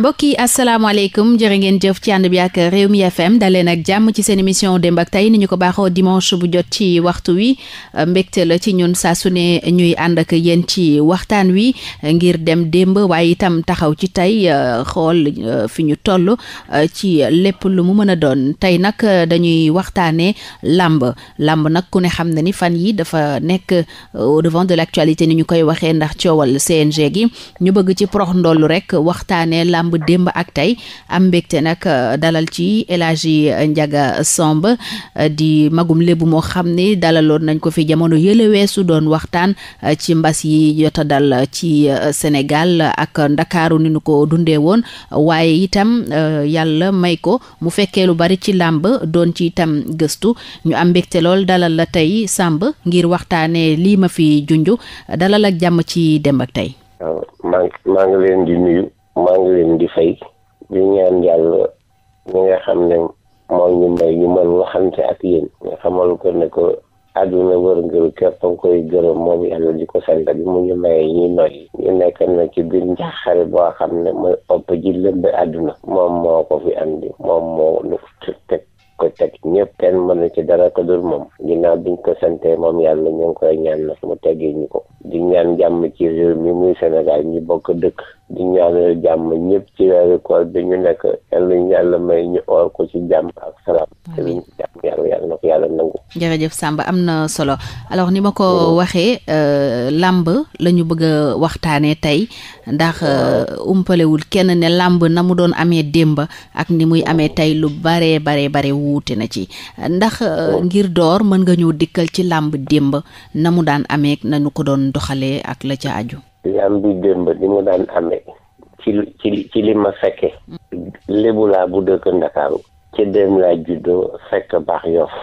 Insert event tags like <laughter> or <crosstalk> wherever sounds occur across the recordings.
mbokk yi asalaamaaleykum jërë ngeen jëf ci ànd bi ak mi FM daleen ak jàmm ci seen émission démb ak tey ni ñu ko baaxoo dimanche bu jot ci waxtu wi mbégte la ci ñun saa su ne ñuy ànd ak yéen ci waxtaan wi ngir dem démb waaye itam taxaw ci tey xool fi ñu toll ci lépp lu mu mën a doon tey nag dañuy waxtaanee làmb làmb nag ku ne xam na ni fan yi dafa nekk euh, au devant de l'actualité ni ñu koy waxee ndax coowal CNG gi ñu bëgg ci prox ndollu rek waxtaanee làmb démb ak tey am nag euh, dalal ci El Hadji euh, Ndiaga euh, di magum léebu moo xam ne dalaloon nañ ko fi jamono yële weesu doon waxtaan ci mbas yi jota dal ci Sénégal ak Ndakaaru ni nu ko dundee woon waaye itam yàlla may ko mu fekkee lu bari ci làmb doon ci itam gëstu ñu am mbégte lool dalal la tey Samb ngir waxtaanee lii ma fi junj dalal ak jàmm ci démb ak tey. Ah, maa ngi leen di fay di ñaan yàlla ñi nga xam ne mooy ñu may ñu mën waxante ak yéen nga xamal ko ne ko àdduna wër ngir képp koy gërëm moom yàlla di ko sant bi mu ñu maye ñuy noy ñu nekk na ci biir njaaxare boo xam ne mooy ëpp ji lëmbe àdduna moom moo ko fi andi moom moo lu teg ko teg ñëpp kenn mënu ci dara ko dul moom ginnaaw biñ ko sante moom yàlla ñu ngi koy ñaan na mu teggee ñu ko di ñaan jàmm ci réew mi muy Sénégal ñu bokk dëkk di ñaanal jàmm ñëpp ci weeru koor bi ñu nekk yàlla may ñu oor ko ci jàmm ak salaam yàlla yàlla ko yàlla nangu jërëjëf Samba am na solo alors ni ma ko mm-hmm. waxee euh, làmb la ñu bëgg a waxtaanee tey ndax euh, mm-hmm. umpalewul kenn ne làmb na mu doon amee démba ak ni muy amee mm-hmm. tey lu baree baree bare wuute na ci ndax euh, ngir door mën nga ñëw dikkal ci làmb démb na mu daan amee na ñu ko doon doxalee ak la ca aju li am bi démb li mu daan amee ci ci ci li ma fekke lébu laa bu dëkk Ndakaaru ci dem laa juddoo fekk baax yof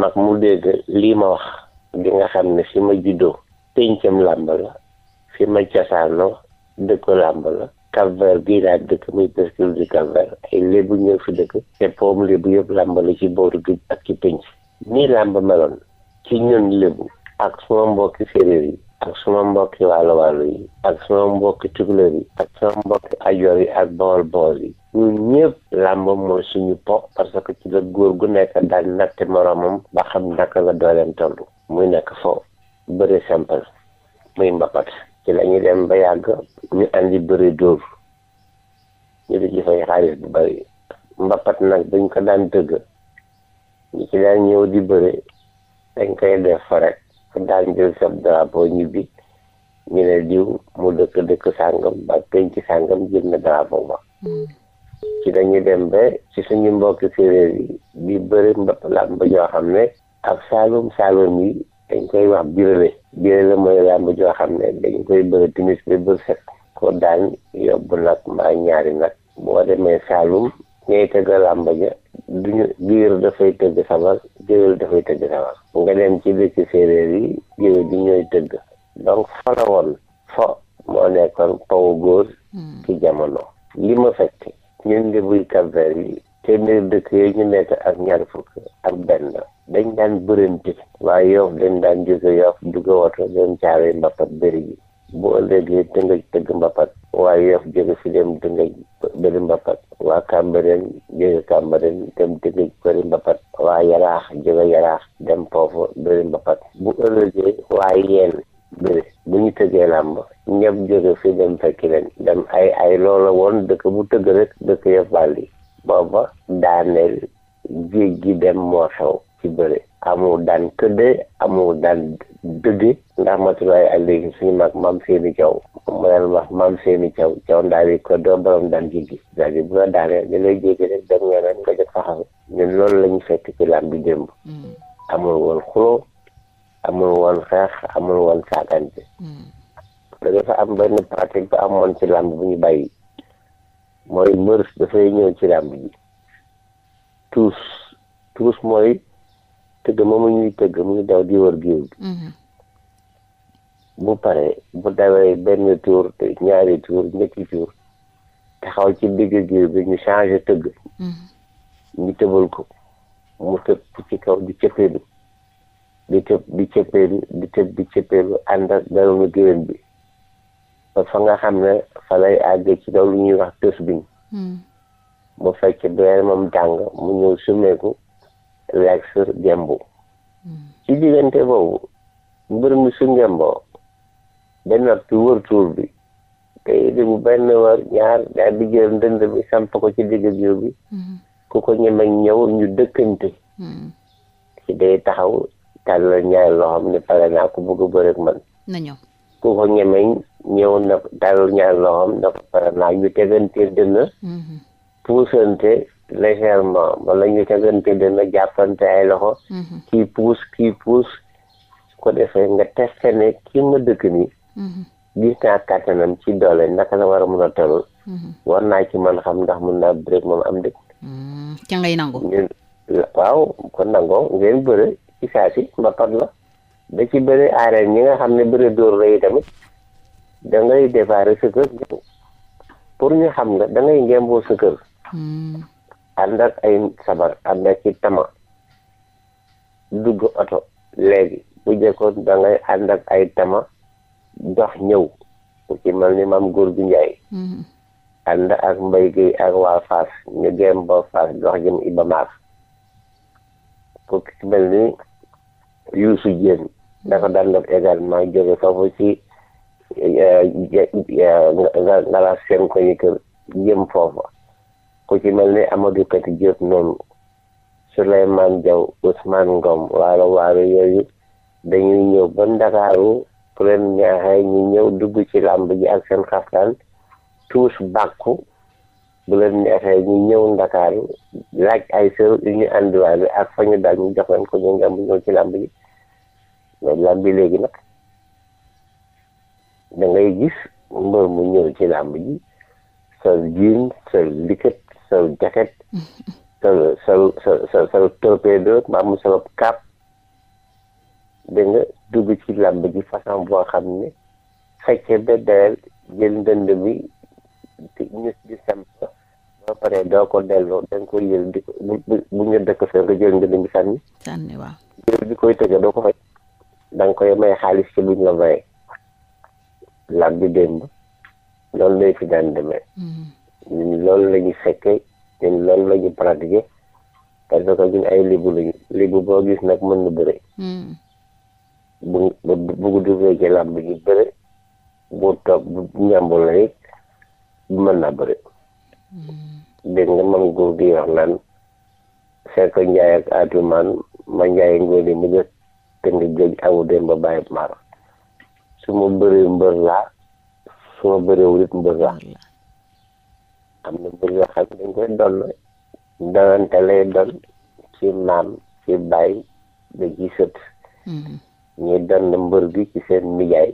mag mu dégg lii ma wax di nga xam ne fi ma juddoo péncam làmb la fi ma cosaanoo dëkk làmb la Cap Vert gii laa dëkk muy presqu'île du Cap ay lébu ñëw fi dëkk te poom lébu yëpp làmb la ci booru géej ak ci pénc nii làmb meloon ci ñun lébu ak suma mbokki séeréer yi ak suma mbokki walo walo yi ak suma mbokki tukulóor yi ak suma mbokki ajoor yi ak bool bool yi ñun ñëpp làmb mooy suñu po parce que ci góor gu nekk daal natte moroomam ba xam naka la dooleen toll muy nekk foo bëri simple muy mbapat ci la dem ba yàgg ñu andi bëri dóor ñu di ci fay xaalis bu bëri mbapat nag dañ ko daan dëgg ñu ci daan ñëw di bëri dañ ko def fa rek daal jël sab drapeau ñibbi ñu ne diw mu dëkk dëkk sàngam ba penc sàngam jël na drapeau ba hmm. ci dañuy dem ba ci suñu mbokki séeréer yi di bëri làmb xam ne ak saalum saalum yi dañ koy wax birale birale mooy làmb joo xam ne dañ koy bëri timis ba bër set ko daan yóbbu nag mbaa ñaari nag boo demee saalum ñay tëgg làmb du ñu géwél dafay tëgg sabar géwél dafay tëgg sabar nga dem ci dëkk séeréer yi géwél bi ñooy tëgg donc fa la woon fa moo nekkoon pawu góor hmm. ci jamono li ma fekk ñun nga buy cap yi téeméer dëkk yooyu ak ñaar benn dañ daan bërënti waaye yoof dañ daan jóge yoof dugg woto dem caare mbappat bëri ji bu ëllëgee dëngëj tëgg mbappat waaye yoof jóge fi dem dëngëj bëri mbappat waa Cambérène jóge Cambérène dem Tëngéej bëri mbapat waa Yaraax jóge Yaraax dem foofu bëri mbapat bu ëllëgee waa Yeen bëri bu ñu tëggee làmb ñëpp jóge fi dem fekki leen dem ay ay loola woon dëkk bu tëgg rek dëkk yëpp bàlli booba daaneel géej gi dem moo xew ci bëri amul daan këdde amul daan dëgge ndax matulaay ak léegi suñu mag maam seeni caw mu leen wax maam seeni caw caw ndaawi ko doo borom daan jéggi c'est-à-dire bu la daanee li lay jéggi rek dem yoonam nga jot ñun loolu lañu fekk ci làmb bi démb mm. amul woon xuloo amul woon xeex amul woon saagante mm. dafa am benn pratique ba amoon ci làmb bu ñu bàyyi mooy mbër dafay ñëw ci làmb ji tuus tuus mooy tëgg moomu ñuy tëgg mu ngi daw di wër géew bi bu paree bu dawee benn tour ñaari tour ñetti tour taxaw ci digg giir bi ñu changé tëgg mhm. ñu tëbal ko mu tëb ci kaw di cëppeelu di tëb di cëppeelu di tëb di cëppeelu bi ba nga xam ne fa àgg ci daw lu ñuy wax tës biñ bu mhm. fekkee doyar moom dàng mu ñëw sumeeku lekk gembu mhm. ci diggante boobu mbir mi su gemboo benn waxtu wër tuur bi te di bu benn war ñaar daal di ndënd bi samp ko ci digg géew bi ku ko ñeme ñëw ñu dëkkante ci day taxaw tàllal ñaari loxoom ne pare naa ko bëgg a bëre ak man ku ko ñeme ñëw na tàllal ñaari loxoom na ko pare naa ñu tegante dënna puusante légèrement wala ñu tegante dënna jàppante ay loxo kii puus kii puus ko defee nga teste kii ma dëkk nii Mm-hmm. gis naa kàttanam ci doole naka la war a mun a toll. Mm-hmm. war naa ci man xam ndax mun naa bëreeg moom am dëkk. Mm-hmm. ca ngay nangu. waaw kon nangoo ngeen bëre ci saa si la da bëre aareel ñi nga xam ne bëre door la yi tamit da ngay déparé pour ñu xam ne da ngay ngemboo sa kër. ay sabar ànd ci tama dugg oto léegi bu jëkkoon da ngay ay tama. dox ñëw ku ci mel ni maam góor gu njaay ànd ak mbay géey ak waa Fass ñu gém ba Fass dox jëm Iba Mar ku ci mel ni Youssou Dieng dafa mhm. daan def également jóge foofu ci euh, ngalaas seen ko yëkkër jëm foofa ku ci mel ni Amadou Kati Diop noonu Souleymane Diaw Ousmane Ngom waalo waalo yooyu dañuy ñëw ba Ndakaaru bu leen neexee ñu ñëw dugg ci làmb ji ak seen xaftaan tuus bàkku bu leen neexee ñu ñëw ndakaaru laaj ay sër yu ñu àndiwaale ak fa ñu daal ñu jox leen ko ñu ngemb ñëw ci làmb ji mais làmb bi léegi nag da ngay ci làmb ji sol jean sol liket sol jaket <laughs> sol sol sol sol torpedo maam sol cap dégg dugg ci làmb ji façon boo xam ne fekkee ba dayal jël ndënd bi ñu di samp ba pare doo ko delloo da nga yël di ko bu ñu dëkk fee jël ndënd bi sànni. sànni waaw. jël bi koy tëgg doo ko fay da nga koy may xaalis ci buñ la maye làmb bi démb loolu lay fi daan demee. ñun loolu fekkee ñun loolu la parce que ñun ay libu lañu libu boo gis nag mën na bëre. Mm. bu bu duggee ci làmb ji bëre bu toog bu njàmbul rek mën naa bëre hmm. dégg nga man góor di wax naan fekk njaay ak atumaan ma njaay ngóone mu jëkk te nga jëj awu dem ba bàyyi maar su ma bëree mbër laa su ma bëree wulit mbër laa am na mbër yoo xam dañ koy doon dawante lay doon ci maam ci bàyyi ba ci sët hmm. ñii doon mbër gi ci seen nijaay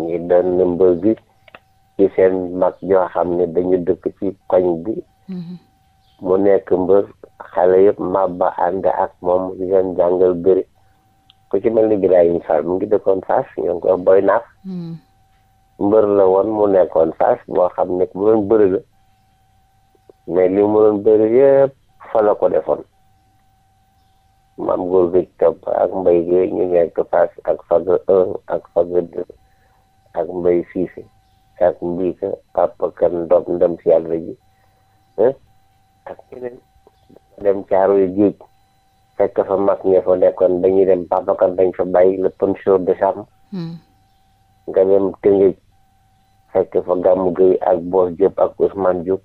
ñii doon na mbër gi ci seen mag ñoo xam ne dañu dëkk ci koñ bi mhm. mu nekk mbër xale yëpp mabba ànd ak moom di leen jàngal bëri ku ci mel ni Birahim Fall mu ngi dëkkoon Fass ñoo ngi ko boy naaf mhm. mbër la woon mu nekkoon Fass boo xam ne mu doon bëri la mu doon bëri yëpp ko defoon Mame Goor Victor ak Mbaye Gueye ñu nekk Fass ak Faga 1 ak Faga 2 ak Mbaye Cissé ak Mbika Papa Kan Ndom ndem si yàlla ji ak keneen dem caaro yu fekk fa mag ña fa nekkoon dañuy dem Papa Kan dañ fa bàyyi le poncheur de sam hmm. nga dem Tëngéej fekk fa Gammu Gueye ak Boos Diop ak Ousmane Diop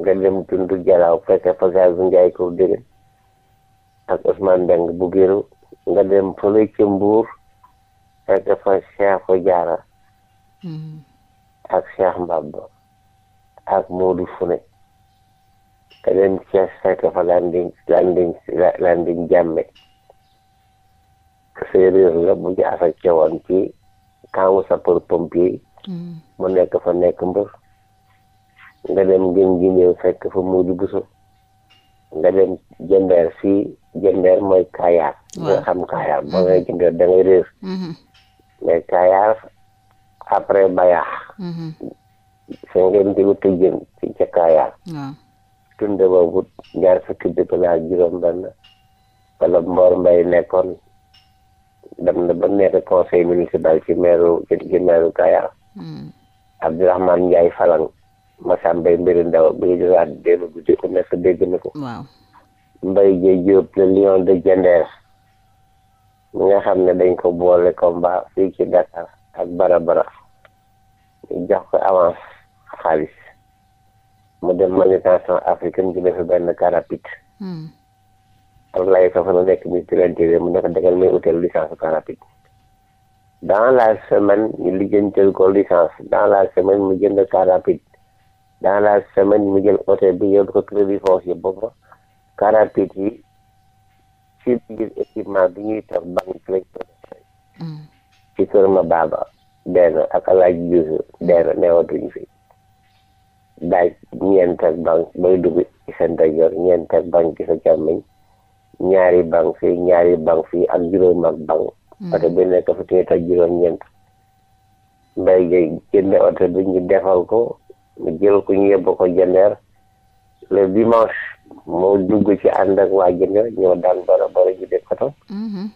nga dem Tundu Jalaaw fekk fa Gazu Njaay ko dégg ak Ousmane Deng bu Giru nga dem fële ci Mbuur fekk fa Cheikh Jaara hmm. ak Cheikh Mbaba ak Modou Fune nga dem Thiès fekk fa Landing Landing Landing Jàmme séeréer la bu ci affecté ci kaamu sapeur pompier hmm. mu nekk fa nekk mbër nga dem gën gineew fekk fa Modou Bousso nga dem jëndeer fii jëndeer mooy kaayaar nga xam kaayaar mm-hmm. boo ngay jëndeer da ngay réer mm-hmm. mais kaayaar après bayaax sa ngeen di wuti jën ci ca kaayaar tund boobu ñaar fukki dëkk laa juróom benn wala mboor mbay nekkoon dem na ba nekk conseil municipal ci meeru ci meeru kaayaar mm-hmm. Abdourahmane Ndiaye Falang Massane Mbaye mbiri ndaw bu ñu joxe àddina démb guddi ku nekk dégg na ko. waaw Mbaye Gueye Diop le lion nga xam ne dañ ko boole combat fii ci Dakar ak Barabara ñu jox ko avance xaalis mu dem manifestation africaine ci defe benn carapite. Hmm. Abdoulaye Fafa la nekk ministre de l'Intérieur mu nekk dagal may hôtel licence carapite. dans la semaine ñu lijjantil ko licence dans la semaine mu jënd carapite. dans la semaine mu jël oto bi yóbbu ko crédit foncier boobu quarante huit yi ci biir équipement bi ñuy tax banque lañ ko ci kër ma baaba benn ak alaaj juusu benn newatuñu fi daaj ñeent dugg ci sa ñeent ak banque ci sa càmmiñ hmm. bi ñu defal ko mu jël ko ñu yóbbu ko jandeer le dimanche moo dugg ci ànd ak waa jandeer ñoo daan bara bara ji de coton mm-hmm.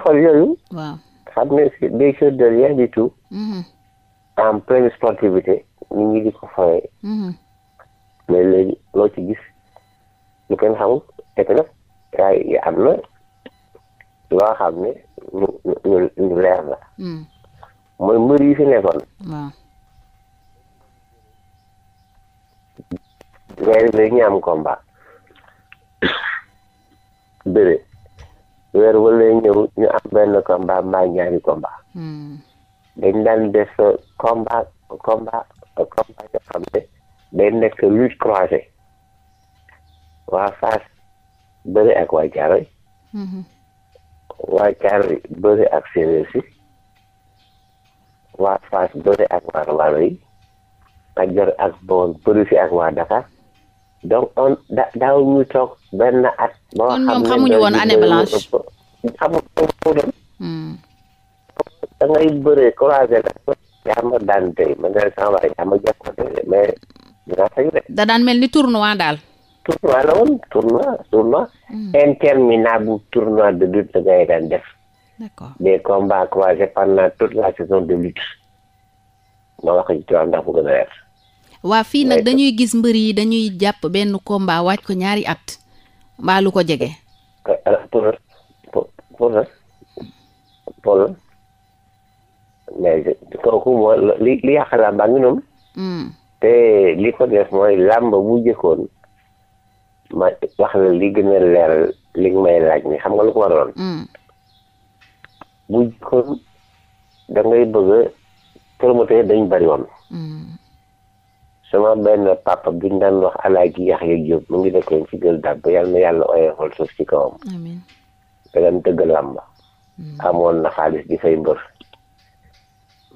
xool yooyu waaw xam ne c'est des choses tout mm-hmm. en pleine sportivité nit ñi di ko fawee mm-hmm. mais léegi loo ci gis lu kenn xamul et puis nag am na loo xam ne lu lu leer la mm. mooy mbër yi fi nekkoon weer bi léegi ñu bëre weer wala lay ñu am benn combat mbaa ñaari combat dañ daan def combat combat combat yoo xam ne day nekk lutte croisée waa Fass bëri ak waa Caaroy waa ak séeréer waa Fass bëri ak waa Waalo Kajoor ak Bawol bëri si ak waa Dakar donc on da daaw ñu toog benn at. boo xam ne xamuñu woon année blanche. xamuñu woon. Hmm. da ngay yaa ma daan tey ma ne sama da daan mel ni tournoi daal. tournoi la woon tournoi tournoi. Hmm. interminable tournoi de lutte gars yi daan def. d'accord des combats croisés toute la saison de lutte. ma wax ci turam ndax bu gën a waa fii nag dañuy gis mbër yi dañuy jàpp benn combat waaj ko ñaari at mbaa lu ko jege li li yàq làmb a ngi noonu te li ko def mooy làmb bu jëkkoon ma wax la li gën a leer li nga may laaj ni xam nga lu ko waroon hmm. bu jëkkoon da bëgg promoteur dañ bari woon hmm. sama benn papa bi ñu daan wax alaaji Yaxya Jóob mu ngi dëkkoon ci gël dàbb yàlla na yàlla oyofal suuf ci kawam da daan tëgg hmm. amoon na xaalis di fay mbër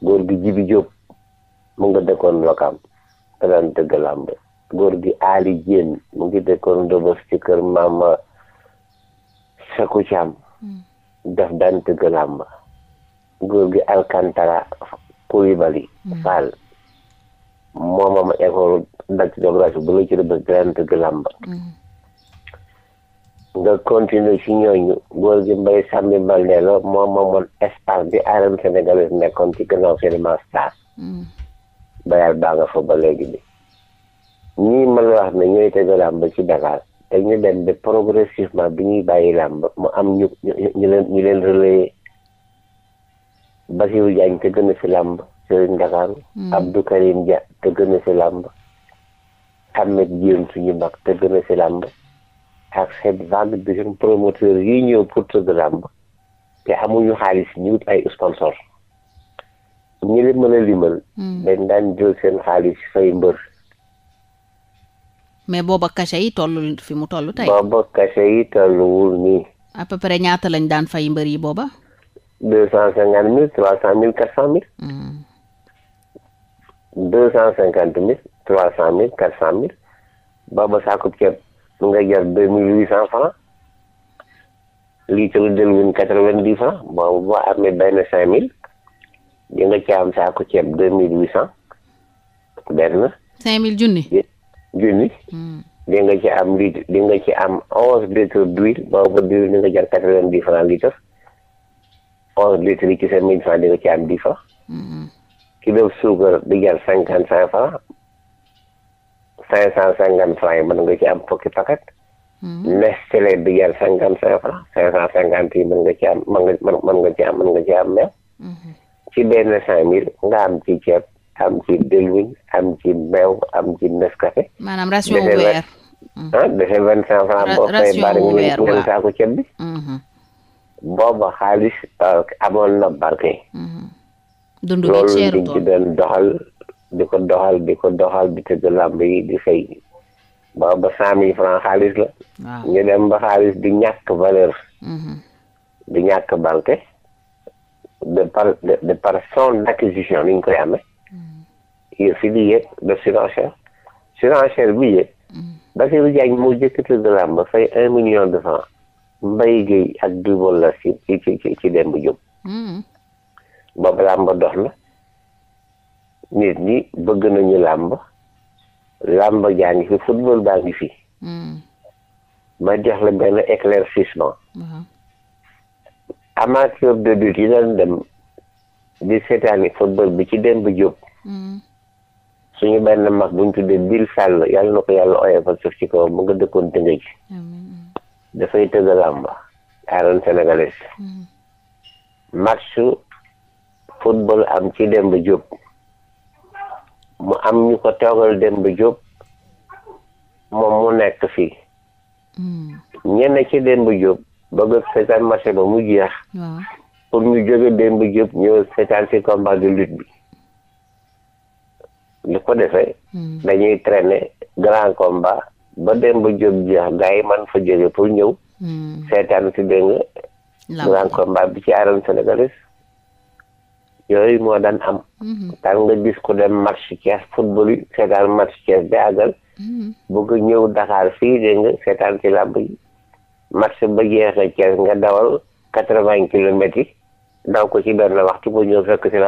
góor gi Jibi Jóob mu nga dëkkoon Wakaam da daan tëgg làmb góor gi Ali Jéen mu ngi dëkkoon Rebeuss ci kër maama Seku Caam hmm. daf daan tëgg làmb góor gi Alcantara Koulibaly hmm. Fall moomam école daj géographie bu la ci rëbb grand lamba nga continuer ci ñooñu góor gi mbay sàmmi balde la moom moomoon espace bi arène sénégalaise nekkoon ci gannaaw cinéma star mm-hmm. bayal baa nga fa ba léegi bi ñii mën la wax ne ñooy tëgg làmb ci Dakar te ñu dem ba progressivement bi ñuy bàyyi làmb mu am ñu ñu leen ñu leen relayé Basirou Diagne te gën a fi làmb Serigne Ndakaaru hmm. Abdou na si làmb Ahmed Diène suñu si làmb ak cette yi ñëw pour tëgg làmb te amuñu xaalis ñu wut ay sponsor ñi leen a limal hmm. dañ daan jël xaalis fay mbër mais booba cachet yi tollul fi mu toll tolluwul nii à ñaata lañ daan fay mbër yi booba deux trois cent mille deux cent cinquante mille trois cent mille quatre cent mille ba ba saakub ceeb mu nga jar deux mille huit cent franc litre diwlin quatre-vingt-dix franc boobu boo amee benn cinq mille di nga ci am saako ceeb deux mille huit cent benn. cinq mille junni. Hmm. di nga ci am litre di nga ci am onze litres d'huile boobu diwlin di nga jar quatre-vingt-dix franc litre onze litres ci cinq mille franc di nga ci am dix franc. Hmm. kilo suukar di jar cinquante cinq franc cinq cent cinquante franc ci am fukki paquet hmm. Nestlé di jar cinquante cinq franc cinq cent cinquante yi mën nga ci am mën nga mën nga ci am mën nga ci am meew hmm. ci benn cinq mille nga am ci ceeb am ci am ci am ci Nescafé maanaam ration bu weer hmm. ah dese dund bi seeru loolu ci doon doxal di ko doxal di ko doxal di tëgg làmb yi di fay ba ba cent mille franc xaalis la. ñu dem ba xaalis di ñàkk valeur. Mhm. di ñàkk banque de par de par son acquisition ni ñu koy amee. Mhm. yëf yi di yëg de surenchère surenchère bi yëg. Mhm. Bassirou Diagne moo jëkkati de làmb fay un million de franc mbay la ci ci ci dem bu jóg. ba làmb dox na nit ñi bëgg nañu làmb làmb jaa ngi fi football baa ngi fi ma hmm. jox la benn éclaircissement amateur de lutte yi daan dem di seetaani football bi ci dem bi jóg suñu benn mag buñ tuddee Bill Sall yàlla na ko yàlla ooyee fa suuf ci kaw mu nga dëkkoon tëngëj dafay tëgg làmb arène sénégalaise hmm. match football am ci Demba Diop mu am ñu ko toogal Demba Diop moom mu nekk fii hmm. ñenn ci Demba Diop bëgg seetaan match ba mu jeex pour ñu jóge Demba Diop ñëw seetaan ci combat de lutte bi li ko defee hmm. dañuy traîner grand combat ba Demba Diop jeex gars yi man fa jóge pour ñëw hmm. seetaan ci dégg grand combat bi ci arène sénégalaise yooyu moo daan am daan mhm. nga gis ko dem marché Thiès football yi seetaan marché Thiès ba àggal mhm. bëgg ñëw Dakar fii dégg nga seetaan ci làmb yi marché ba jeexee Thiès nga dawal quatre vingt kilomètres yi daw ko ci benn waxtu ba ñëw fekk ci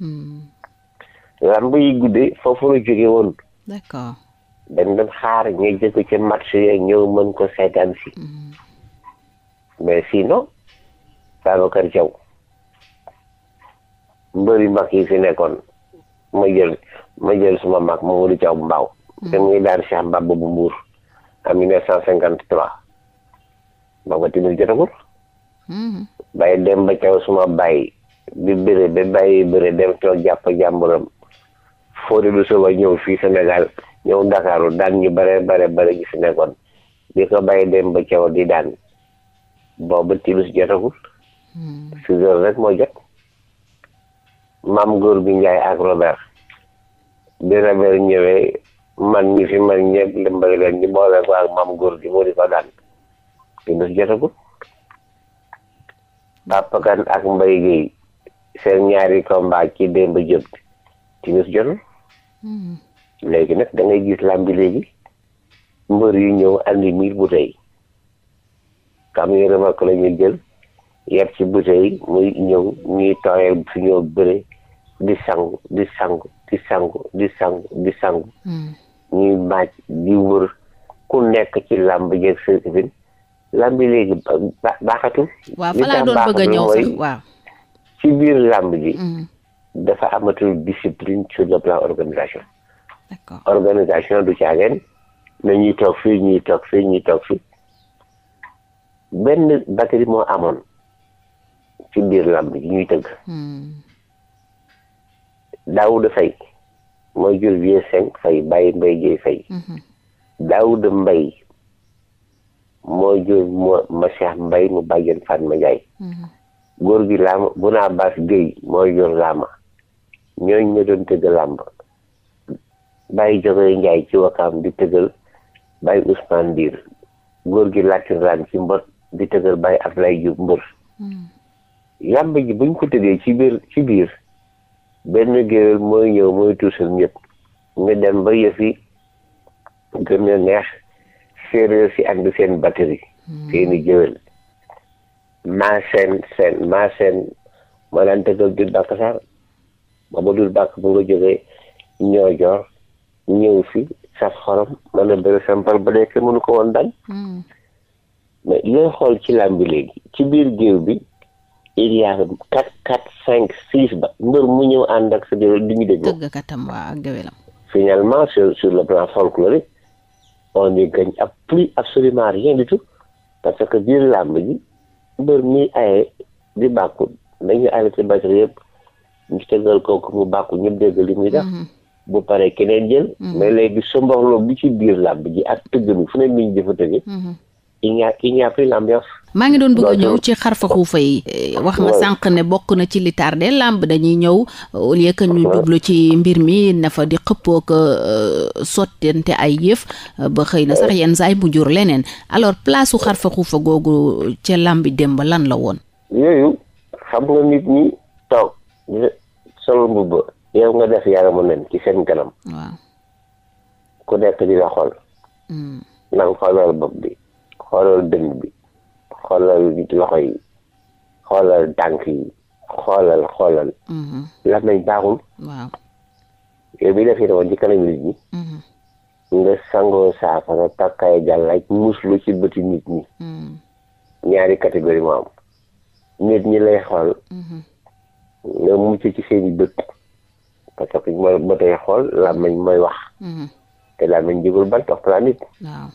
mhm. làmb yi guddee foofu la jóge woon d'accord dañ xaar ñu jëkk ci marché yi ñëw mën ko seetaan si mais sinon Babacar Diaw mbër mbëri mag yi fi nekkoon ma jël ma jël suma mag Mamadou Thiaw Mbaaw te mu ngi bu Mbour en mille neuf cent cinquante trois booba tamit jotagul mm-hmm. bàyyi suma bàyyi bi bëre ba dem toog jàpp jàmburam fóori du ñëw fii Sénégal ñëw Ndakaaru daan ñu bare bare bare gi fi nekkoon bi ko ba di daan booba timis jotagul mm. six moo jot maam góor bi Njaay ak Robert bi Robert ñëwee man ñi fi man ñëpp dimbali leen ñu boole ko ak maam góor gi moo di ko daan te bés jotagul Papa Kane ak mbay gi seen ñaari combat ci démb jëm ci bés jotul hmm. léegi nag da gis làmbi léegi mbër yu ñëw andi mille bouteilles camion remorque la ñu jël yeb ci bouteilles muy ñëw ñuy tooyal suñoo bëre di sangu di sangu di sangu di sangu di sangu hmm. ñuy màcc di wër ku nekk ci làmb jeeg sëriñ làmb yi ci biir làmb ji hmm. dafa amatul discipline sur le plan organisation organisation du caageen na ñuy toog fii ñuy toog fii ñuy toog fii benn batterie moo amoon ci biir làmb ji ñuy tëgg hmm. Daouda Faye mooy jur vie cinq Faye Baye Mbaye Dieye Faye mhm. Daouda Mbaye mooy jur ma Cheikh Mbaye mu bàjjen Fatma Ndiaye mhm. góor gi laama bu naa baas Guèye mooy jur laama ñooñ ña doon tëgg làmb Baye Jogoy Ndiaye ci wakaam di tëggal Baye Ousmane Dir góor gi Latir Raan ci mbot di tëggal Baye Ablaye Diop mbër mhm. làmb ji buñ ko tëggee ci biir ci biir benn géwél mooy ñëw mooy tuusal ñëpp ñu dem ba yëf yi gën a neex séeréer si ànd seen batterie hmm. seen i géwél maa seen seen maa seen moo daan tëggal dul bàkk saar ba ba dul bàkk bu nga jógee ñoo joor ñëw fi saf xorom mën a bëri sampal ba dee kenn mënu ko woon dañ hmm. mais looy xool ci làmbi léegi ci biir géew bi il y a quatre quatre cinq six ba mbër mu ñëw ànd ak sa di ñu déglu. tëggkatam waa ak géwélam. finalement sur sur le plan folklorique on ne gagne ab plus absolument rien du tout parce que biir làmb ji mbër mi aye di bàkku dañuy arrêté batterie yëpp ñu tëggal kooku mu bàkku ñëpp dégg li muy def. Mhm. bu paree keneen jël. Mhm. mais léegi somboxloo bi ci biir làmb ji ak tëgg mi fu ne nii ñu jëfa tëgg. il n'y a il n'y a plus maa ngi doon bëgg a ñëw ci xarfa xuufa yi eh, wax nga sànq ne bokk na ci li de làmb dañuy ñëw au que ñu jublu ci mbir mi nafa di xëppook ko euh, ay yëf euh, ba xëy na sax yenn saay bu jur leneen alors place u xarfa xuufa googu ca làmbi démb lan la woon yooyu xam nga nit ñi toog sol mbubba yow nga def yaramu nen ci seen kanam waaw ku nekk di la xool hmm. nang bopp bi xoolal dënn bi xoolal loxo yi xoolal tànk yi xoolal xoolal. Mm-hmm. lan baaxul. waaw bi def itam ci kanam nit ñi. Mm-hmm. nga sangoo saafara takkaay jàllaaj muslu ci bëti nit ñi. Mm-hmm. ñaari catégorie moo nit ñi lay xool. nga mucc ci seeni bët. parce que mooy ba tey xool làmmiñ mooy wax. te làmmiñ jigul ban topp laa nit. waaw.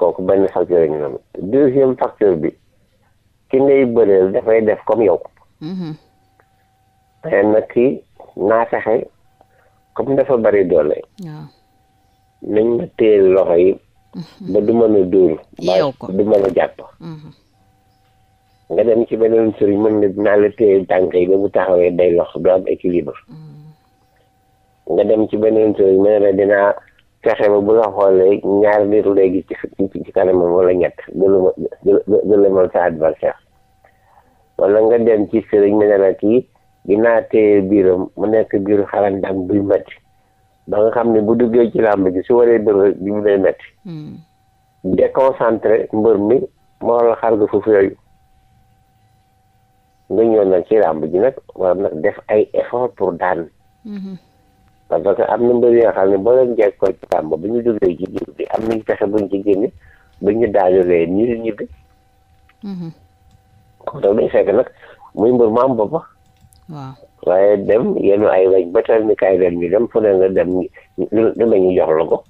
kooku benn facteur ñu noonu deuxième facteur bi ki ngay bëreel dafay def comme yow mais mm-hmm. nag kii naa fexe comme dafa bari doole nañ ma téye loxo yi mm-hmm. ba du mën a dóor ba du mën a jàpp mm-hmm. nga dem ci beneen sëriñ mën na dinaa la téye tànk yi ba bu taxawee day lox du am équilibre nga dem ci beneen sëriñ mën na dinaa fexe ba bu la xoolee ñaar nit léegi ci ci kanamam wala ñett gëluma gëlamal sa adversaire wala nga dem ci sëriñ mu ne la kii dinaa téye biiram mu nekk biiru xarandam buy métti ba nga xam ne bu duggee ci làmb ji su waree dër bi mu lay métti hmm. déconcentré mbër mi moo la xar gi foofu yooyu nga ñëw nag ci làmb ji nag war nag def ay effort pour daan hmm. parce que am na mbir yoo xam ne boo leen jekkoo ci kàmb bu ñu duggee ci jiw bi am nañ fexe buñ ci génne ba ñu daajalee ñu ñibbi. Mhm. kon nag day fekk nag muy mbir mu am waaw waaye dem yenu ay wañ ba tey ni kaay dem ñu dem fu ne nga dem lu la ñu jox la ko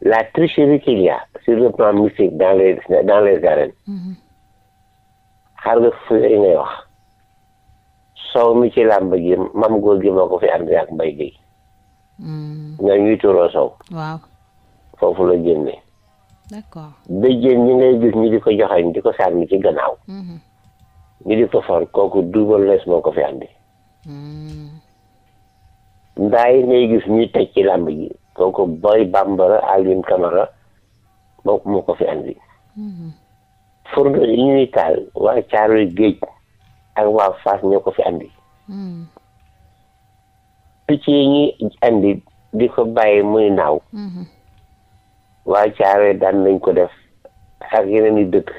la tricherie qu'il y a sur plan mystique dans les dans les arènes. Mhm. xar nga fu ngay wax. sow mi ci làmb ji mam góor moo ko fi ànd ak mbay gi. ñaar hmm. ñuy tuuroo sow. waaw foofu la génne. d'accord béjjén ñi ngay gis ñu di ko joxañ di ko sànni ci gannaaw. Hmm. ñu di ko for kooku duubal lees moo ko fi andi. Hmm. ndaay ngay gis ñuy teg ci làmb ji kooku Boy Bambara Alioune Camara moo moo ko fi andi. fourneau yi ñuy taal waa Caaroy Géej ak waa Fass ñoo ko fi andi. picc yi ñuy andi di ko bàyyi muy naaw mhm. waa caare daan nañ ko def ak yeneen i dëkk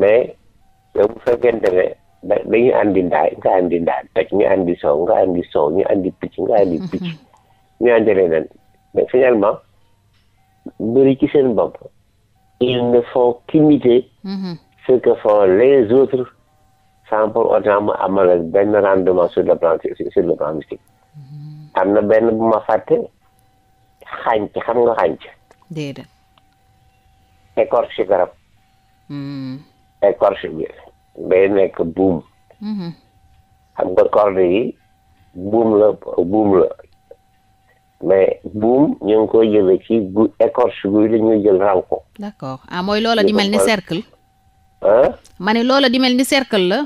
mais yow bu fekkente ne dañu andi ndaa nga andi ndaa toj ñu andi soow nga andi soow ñu andi picc nga andi mhm. picc ñu andi leneen finalement bëri ci seen bopp ils ne ki qu'imiter mhm. ce que font les autres sans pour autant benn rendement sur le plan sur le plan am na benn bu ma fàtte xànc xam nga xànc déedéet écorce garab hmm. écorce bi nekk buum hmm. xam nga corde yi buum la buum la mais buum ñu ngi koy jëlee ci gu écorce guy la jël raw ko. d'accord ah mooy loola di mel ni cercle. ah ma ne loola di mel ni cercle la.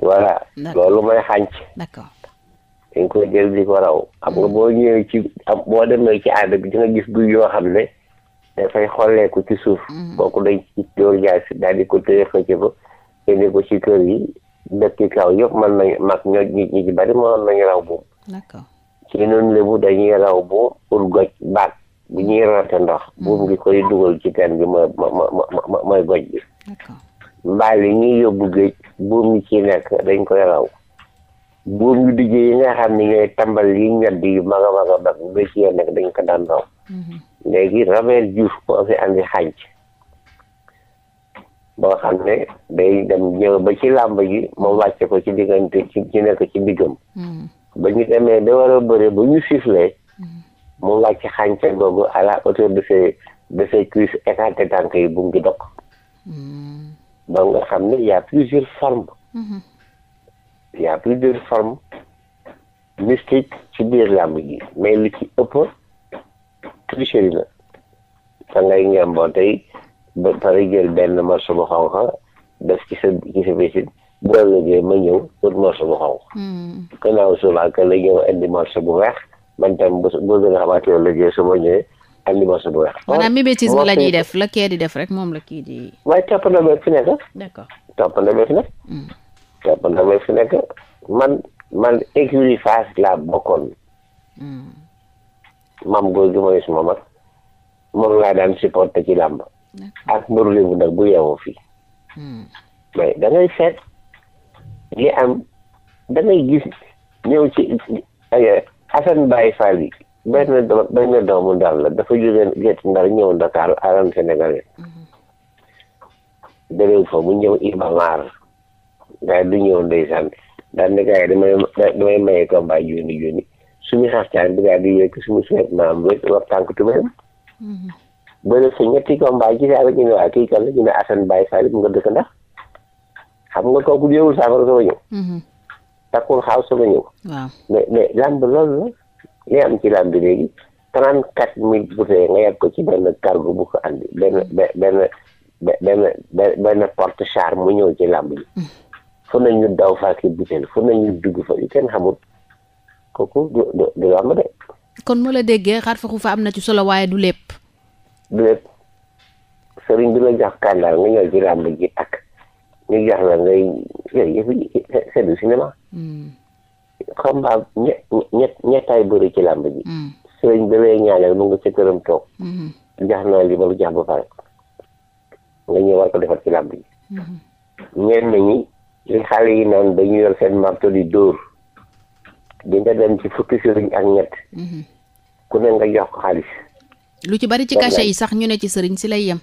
voilà loolu mooy xànc. dañ ko jël di ko raw xam nga hmm. boo ñëwee ci am boo demee ci àll bi di gis guy yoo xam ne dafay xolleeku ci suuf hmm. kooku dañ ci dóor jaay si daal di ko téye ko ci kër yi dëkk kaw yëpp mën nañ mag ñoo ñi ci bari mënoon nañu raw boobu ci noonu lébu dañuy raw boo pour bu ñuy ndox hmm. buum gi koy dugal ci teen bi mooy mooy goj bi mbaal yi ñuy yóbbu géej buum yi ci nekk dañ koy raw boobu liggéey yi nga xam ne ñooy tambal yi ñedd yu mag a mag a mag métier nag dañ ko daan raw mm-hmm. léegi Robert Diouf moo fi andi xànc boo ci làmb ji moom wàcce ko ci diggante ci ci nekk ci diggam mm-hmm. ba ñu demee da war a ba ñu sifflé mm-hmm. mu wàcc xànc googu à la hauteur de ses de ses cuisses écarté tànk yi bu ngi dokk ba nga xam ne y a plusieurs formes il y a plusieurs formes mystiques ci biir làmb ji mais li ci ëpp tricherie la da ngay ngemboo tey ba pare jël benn morceau bu xonq def ci sa ci sa bisit boo lëgee ma ñëw pour morceau bu xonq hmm. gannaaw souvent que la ñëw indi morceau bu weex man tam bu boo gën a xamaat yow lëgee su ma ñëwee andi morceau def la kee di def rek moom la kii di waaye topp na ba fi nekk d'accord topp na ba fi nekk hmm. te man damay fi nekk man man écurie Fass laa bokkoon. Hmm. maam góor gi mooy suma mag moom laa daan supporté ci làmb ak mbëru lébu nag bu yeewoo fii hmm. mais da ngay seet li am da gis ñëw ci Assane Baye Fall yi benn benn doomu ndar la dafa jógee gétt ndar ñëw Ndakaaru aran Sénégalais. Hmm. dëréw fa mu ñëw Iba Mar gars yi du ñëwoon ndeysaan daan na gars yi damay damay maye combat junni junni suñu xaftaan bi gars yi di yëkk suñu ba maam bi wax tànk tubéem mm-hmm. bëri sa ñetti combat ci saaba ñu ne waa kii kan la ñu ne Assane nga dëkk ndax xam nga kooku jéewul saafara sama ñëw mm-hmm. takkul xaaw sama ñëw mais mais làmb loolu la li am ci làmb bi léegi trente quatre mille bouteilles nga yàgg ko ci benn cargo bu ko andi benn mm-hmm. benn benn benn porte char mu ñëw ci làmb bi fu ne ñu daw faak i butéel fu ne ñu dugg fa yu kenn xamul kooku du du du làmb de kon moo la déggee xar fa xuufa am na ci solo waaye du lépp du lépp sëriñ bi la jox kàndaar nga ñëw ci làmb ji takk la ngay yooyu yëpp c'est du hmm. ci làmb ji hmm. sëriñ bi lay ñaanal mu nga sa toog hmm. jox na li ma ba pare nga ñëw war ko defar ci làmb ji ñenn ñi li xale yi naan dañu yor seen marto di dóor di nga dem ci fukki sëriñ ak ñett mhm. ku ne nga jox ko xaalis lu ci bari ci cachet yi sax ñu ne ci sëriñ si lay yem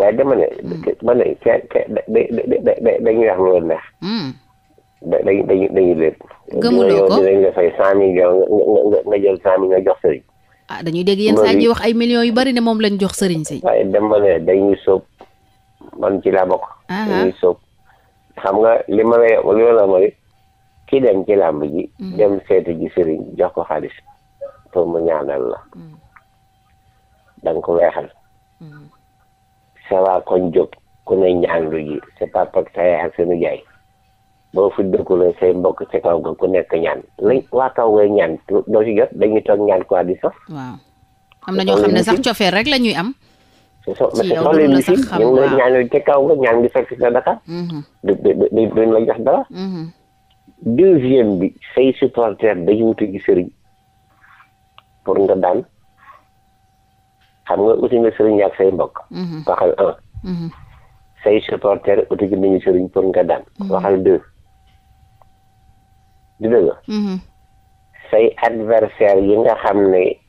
waaye dama ne mhm. ma ne ca ca dañuy wax loolu neex mhm. dañu dañu dañu lépp gëmuloo ko la fay cent millions nga jël cent millions nga jox sëriñ ah dañuy dégg yenn saa ñuy wax ay million yu bari ne moom lañ jox sëriñ si waaye dama dañuy sóob man ci laa bokk dañuy sóob xam nga li ma lay li ma dem ci làmb ji. Mm. dem seeti ji sëriñ jox ko xaalis pour ñaanal la. Mm. da ko weexal. sa mm. waa koñ jóg ku ne ñaan lu ji sa papa sa yaay ak jaay boo fi dëkkule say mbokk sa kaw nga ku nekk ñaan lañ waa kaw ngay ñaan doo ci jot dañuy toog ñaan ko di sax. waaw am na ñoo xam ne sax cofeer rek la am. mais te soxla yu si ñu ngi lay ñaanal kaw nga ñaan di fekk sa Dakar. du du du duñ la jox dara. deuxième bi say supporter dañu wuti gi sëriñ pour nga daan xam nga uti nga sëriñ ak say mbokk. waxal un. say supporter uti gi nañu sëriñ pour nga waxal deux. di dëgg. say adversaire yi nga xam ne.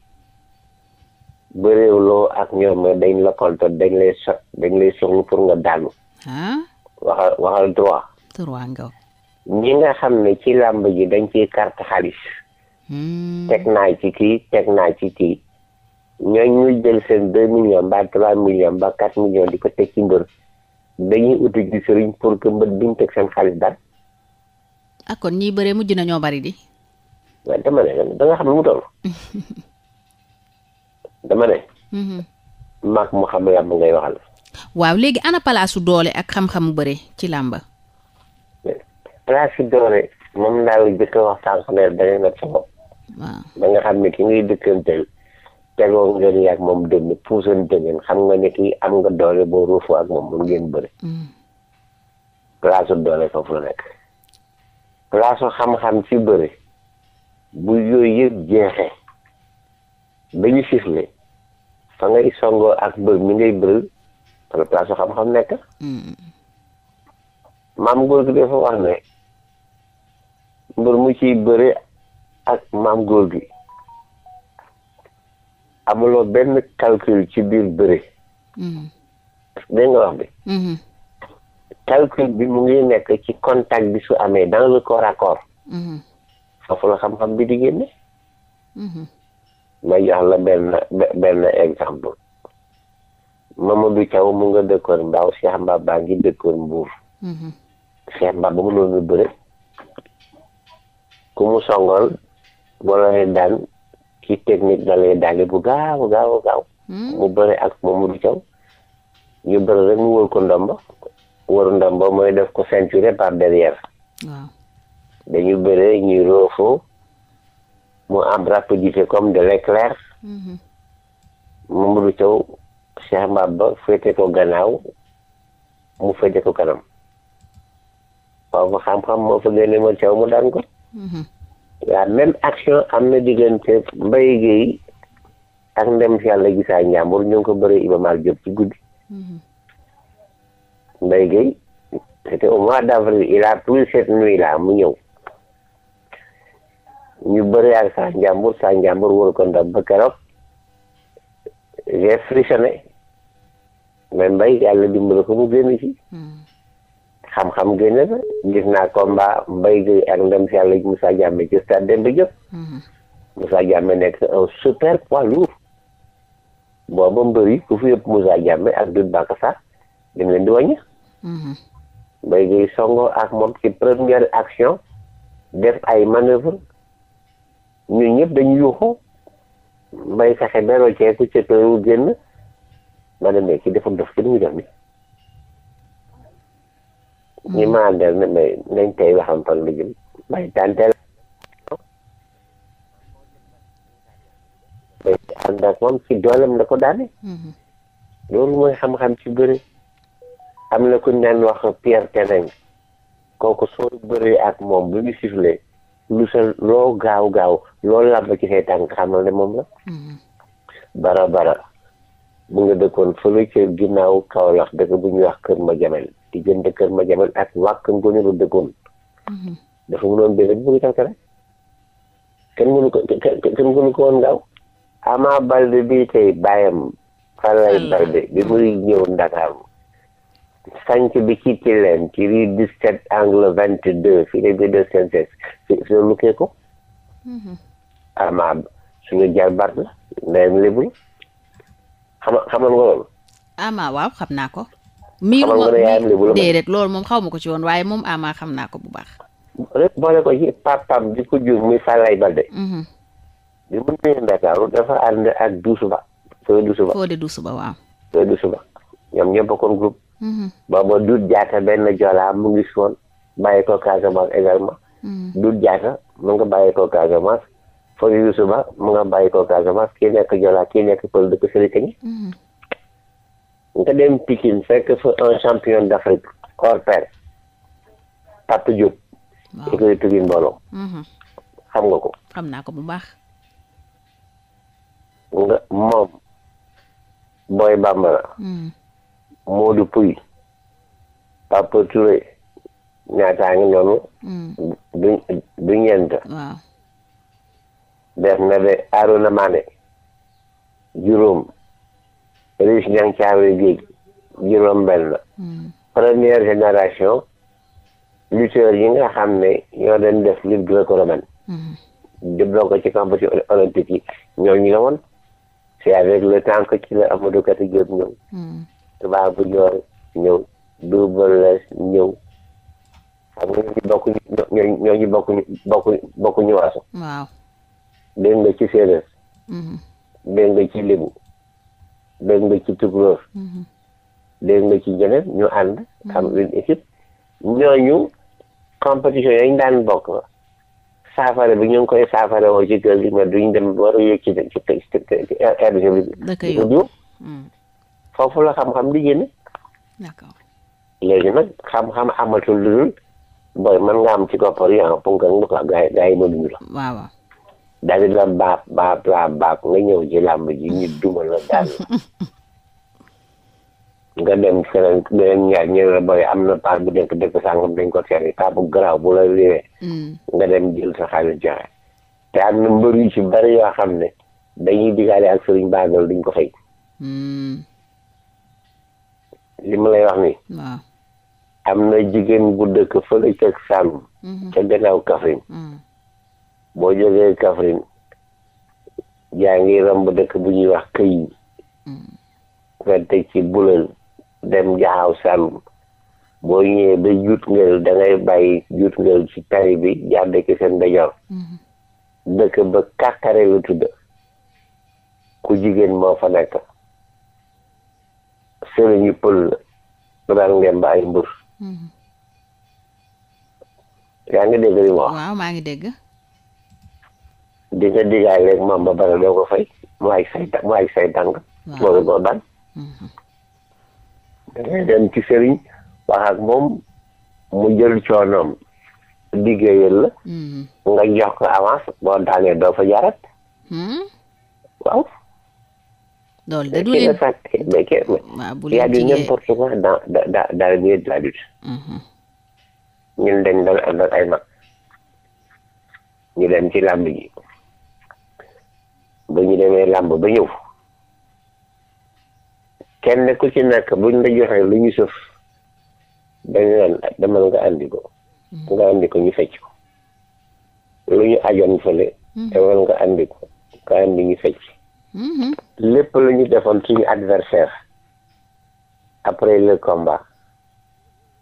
bëreewloo ak ñoom dañ la koltot dañ lay sot dañ lay soxlu pour nga daanu. waxal waxal droit. droit nga ñi nga xam ne ci làmb ji dañ ci carte xaalis. Hmm. teg naa ci kii teg naa ci kii. ñooñ ñu jël seen deux millions ba trois millions ba quatre millions di ko teg ci mbër dañuy uti ci sëriñ pour que mbër biñ teg seen xaalis daal. ah kon ñiy bëree mujj na ñoo bari di. waaw dama ne xam ne mu toll. <laughs> dama ne. Mhm. maak mu xam làmb ngay waxal. waaw léegi ana palaasu doole ak xam-xam bëre ci làmba. palaasu doole moom laa leen jëkk wax sànq ne beneen xam ne ki ngay dëkkanteel tegoo ngeen yàgg moom dënn puusante ngeen xam nga ne kii am nga doole boo ruufoo ak moom mun ngeen bëre. Mhm. palaasu doole foofu la nekk. palaasu xam-xam ci bëre bu yooyu yëpp jeexee. ba ñu sifflé fa ngay songoo ak bërëb mi ngay bërëb fa la xam-xam nekk mm-hmm. maam góor gi dafa wax ne mbër mu ciy bëri ak maam góor gi amuloo benn calcul ci biir bëri mm-hmm. dégg nga wax bi mm-hmm. calcul bi mu ngi nekk ci contact bi su amee dans le corps à corps foofu la xam-xam bi di génne ma jox la benn benn exemple Mamadou Thiaw mu nga dëkkoon mbaaw Cheikh Mba baa ngi dëkkoon Mbuur mhm. Cheikh Mba ba mu doon bëre ku mu songoon boo lay daan ci technique da lay daale bu gaaw gaaw gaaw mhm. mu bëre ak Mamadou Thiaw ñu bëre rek mu wër ko ndomba wër ndomba mooy def ko ceinture par derrière dañu bëre ñuy roofoo mu am rapidité comme de l'éclair mm-hmm. Mamadou Thiaw Cheikh Mbaba féete ko gannaaw mu féete ko kanam foofu xam-xam moo fa génne ma Thiaw mu daan ko waaw mm-hmm. même action am na diggante Mbaye Guèye ak ndem si yàlla gisaa njàmbur ñu ngi ko bëri Iba Mar Diop ci guddi mm-hmm. Mbaye Guèye c'était au mois d'avril il a plu cette nuit là mu ñëw ñu bëri ak saa njàmbur saa njàmbur wër ko ndab ba keroog j'ai frissonné mais mbay yàlla ko mu génn ci hmm. xam-xam génn na gis naa combat mbay gay ak si yàlla Moussa Diame ci stade Demba Diop hmm. Moussa Diame nekk un super poids lourd booba mbër ku fi yëpp Moussa Diame ak Doudou Baka Sarr dañ leen di wàññi hmm. mbay gay songo ak moom ci première action def ay manœuvre ñun ñëpp dañ yuuxu may fexe benn ceeku ca këru génn ma ne mais ki dafa dof ki nu muy def ñi hmm. ma àndal ne mais nañ tey waxam fan lu jëm may tànteel may ak moom ci dooleem la ko daane hmm. loolu mooy xam-xam ci bëri am na ku ñu naan wax Pierre Teneng kooku soo bëree ak moom bu ñu siflee lu sa loo gaaw gaaw loolu làmb ci say tànk xamal ne moom la mm-hmm. bara bara mu nga dëkkoon fële ca ginnaaw Kaolack dëkk bu ñuy wax Kër Madiabel di jënd Kër Madiabel ak wàkk ngoñu lu dëkkoon mm-hmm. dafa mënoon béré bi mu ngi tànk rek kenn mënu ko kenn mënu ko woon gaaw Ama Baldé bi tey bàyyam Falaye Baldé bi muy ñëw Ndakaaru sànc bi kiitti leen ci rue 17 angle 22 fii la bii de CNCS fi la lukkee ko mhm. ama suñu jarbaat la ndeyam lébu la xama xamal nga loolu ama waaw xam naa ko miiru ma mi déedéet loolu moom xaw ma ko ci woon waaye moom ama xam naa ko bu baax rek boole ko ci papam di ko jur muy Falaye Balde mhm. bi mu ñëwee Ndakaaru dafa ànd ak Duusuba Fodé Duusuba Fodé Duusuba waaw Fodé Duusuba ñoom ñoo bokkoon Mm-hmm. booba Doudou Diatta benn Jola mu ngi soon bàyyi ko Casamance également. Mm-hmm. Doudou Diatta mu nga bàyyi ko Casamance. Fodé Youssou Ba mu nga bàyyi ko Casamance kii nekk Jola kii nekk Pël dëkk Serigne. Mm-hmm. nga dem Pikine fekk fa un champion d'Afrique hors pair Pape Diop. waaw écurie Pikine mbooloo. xam nga ko. xam naa ko bu baax. moom Boy Bambara. Modou Pouy Papa Touré ñaataa ngi noonu. Mm. du du ñeent. def na de Arouna Mané juróom. Riche Niang Thiawé juróom benn. Mm. première génération lutteurs yi nga xam ne ñoo doon def lutte gréco-romaine. Mm. jubloo ci campus olympique yi ñoo ñu la woon. c'est avec le temps que ci la Amadou Kati Diop tubaabu joor ñëw duubal lees ñëw xam nga ñoo ñu bokk ñoo ñoo ñu bokk bokk bokk ñu waaso waaw dégg nga ci séeréer dégg nga ci lébu dégg nga ci tukulóor dégg nga ci jeneen ñu ànd am une équipe ñooñu compétition yooyu ñu daan bokk la saafara bi ñu ngi koy saafara woo ci kër gi mais duñ dem war a yëg ci ci ci ci ci ci foofu la xam-xam di génne. d'accord léegi nag xam-xam amatul lu booy mën nga am ci koppar yi ah ponk ak lu ko gaa gaa yi mënuñu la. waaw waaw. daal la baab baab laa baab nga ñëw ji ñu duma la daal <laughs> nga dem feneen beneen ñaar ñëw la booy am na paas bu nekk dëkk sàngam dañ ko seeri kaa bu garaaw bu la mm. nga dem jël sa xaalis joxe te am na mbër yu ci bari yoo xam ne dañuy digaale ak sëriñ baagal duñ ko fay mm. li ma lay wax nii. am na jigéen bu dëkk fële ca Saalum. Mhm. ca gannaaw Kaffrine. Mm. boo jógee Kaffrine yaa ngi romb dëkk bu ñuy wax këy yi. Mm. nga teg ci bulal dem jaxaaw Saalum boo ñëwee ba juut ngel da ngay bàyyi juut ngel ci tari bi jàdd ci seen ndeyjoor. Mm-hmm. dëkk ba kàkkare lu tudd ku jigéen moo fa nekk. sëriñ yu pël la lu daan ngeen ba ay mbër mhm. yaa ngi dégg li ma wax maa ngi dégg di nga diggaay rek maam ba bare doo ko fay mu ay say mu ay say dàng loolu doo daan mhm. dem ci sëriñ wax moom mu jël coonoom liggéeyal la mhm. nga jox ko avance boo daanee doo fa jarat hmm? waaw da du leen waaw bu leen ci n'importe quoi dans dans dans la lutte. ñun dañ doon ay mag ñu dem ci làmb ji ba ñu demee làmb ba ñëw kenn ku ci nekk buñ la joxee lu ñu sëf dañu naan demal nga andi ko nga andi ñu fecc ko lu ñu ajoon fële demal nga andi nga andi ñu fecc. Mhm. lépp lañu ñu ci suñu adversaire après le combat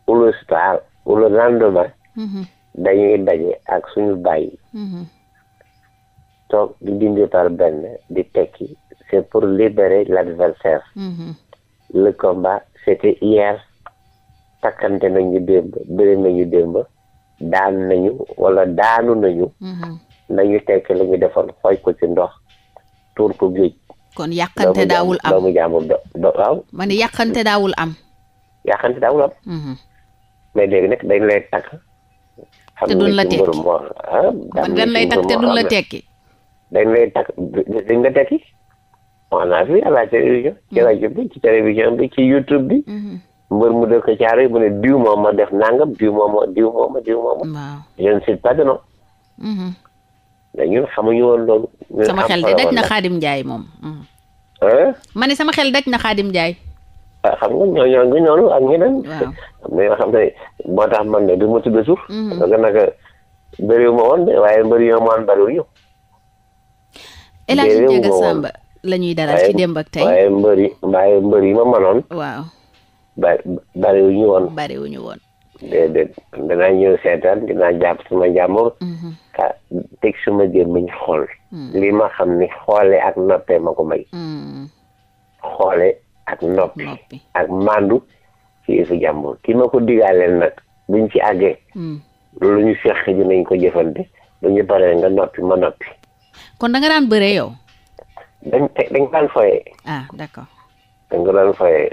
ou le soir ou le lendemain mhm. dañuy daje ak suñu bàyyi mhm. toog di dindi par benn di tekki c'est pour libérer l'adversaire le combat c'était hier takkante nañu démb bëri nañu démb daan nañu wala daanu nañu nañu tekki la ñu defoon ko ci ndox tuur ko géej. kon yàqante daawul am doomu ma ne yàqante daawul am. yàqante daawul am. Mhm. mais léegi nag dañ lay takk. te duñ la tekki kon ah, dañ lay takk te duñ la tekki. dañ lay takk dañ la tekki. on a vu à la télévision. ci mhm. rajo bi ci télévision bi ci YouTube bi. Mhm. mbër mu dëkk caaro yi mu ne diw moom a def nangam diw moom ma diw moom ma diw moom ma. je ne sais pas de mais ñun xamuñu woon loolu. sama xel de daj na Xaadim Njaay moom. ma sama xel daj na Xaadim Njaay. ah xam ak xam moo tax man de du ma tudd mhm. nag bëriwu woon de waaye bëri yoo ma woon bëriwul ñu. El Hadj Ndiaga Samba la ñuy dalal ci démb woon. danaa ñëw seetaan dinaa jàpp sama jàmbur. Mhm. yaakaar teg suma gémmiñ xool hmm. li ma xam ni xoole ak noppee ma ko may hmm. xoole ak noppi ak màndu ci yëfu jàmbur ki ma ko digaaleel nag buñ ci àggee hmm. lu ñu seq dinañ ko jëfante bu paree nga noppi ma noppi kon da nga daan bëree yow dañ ko daan foyee ah dañ ko daan foyee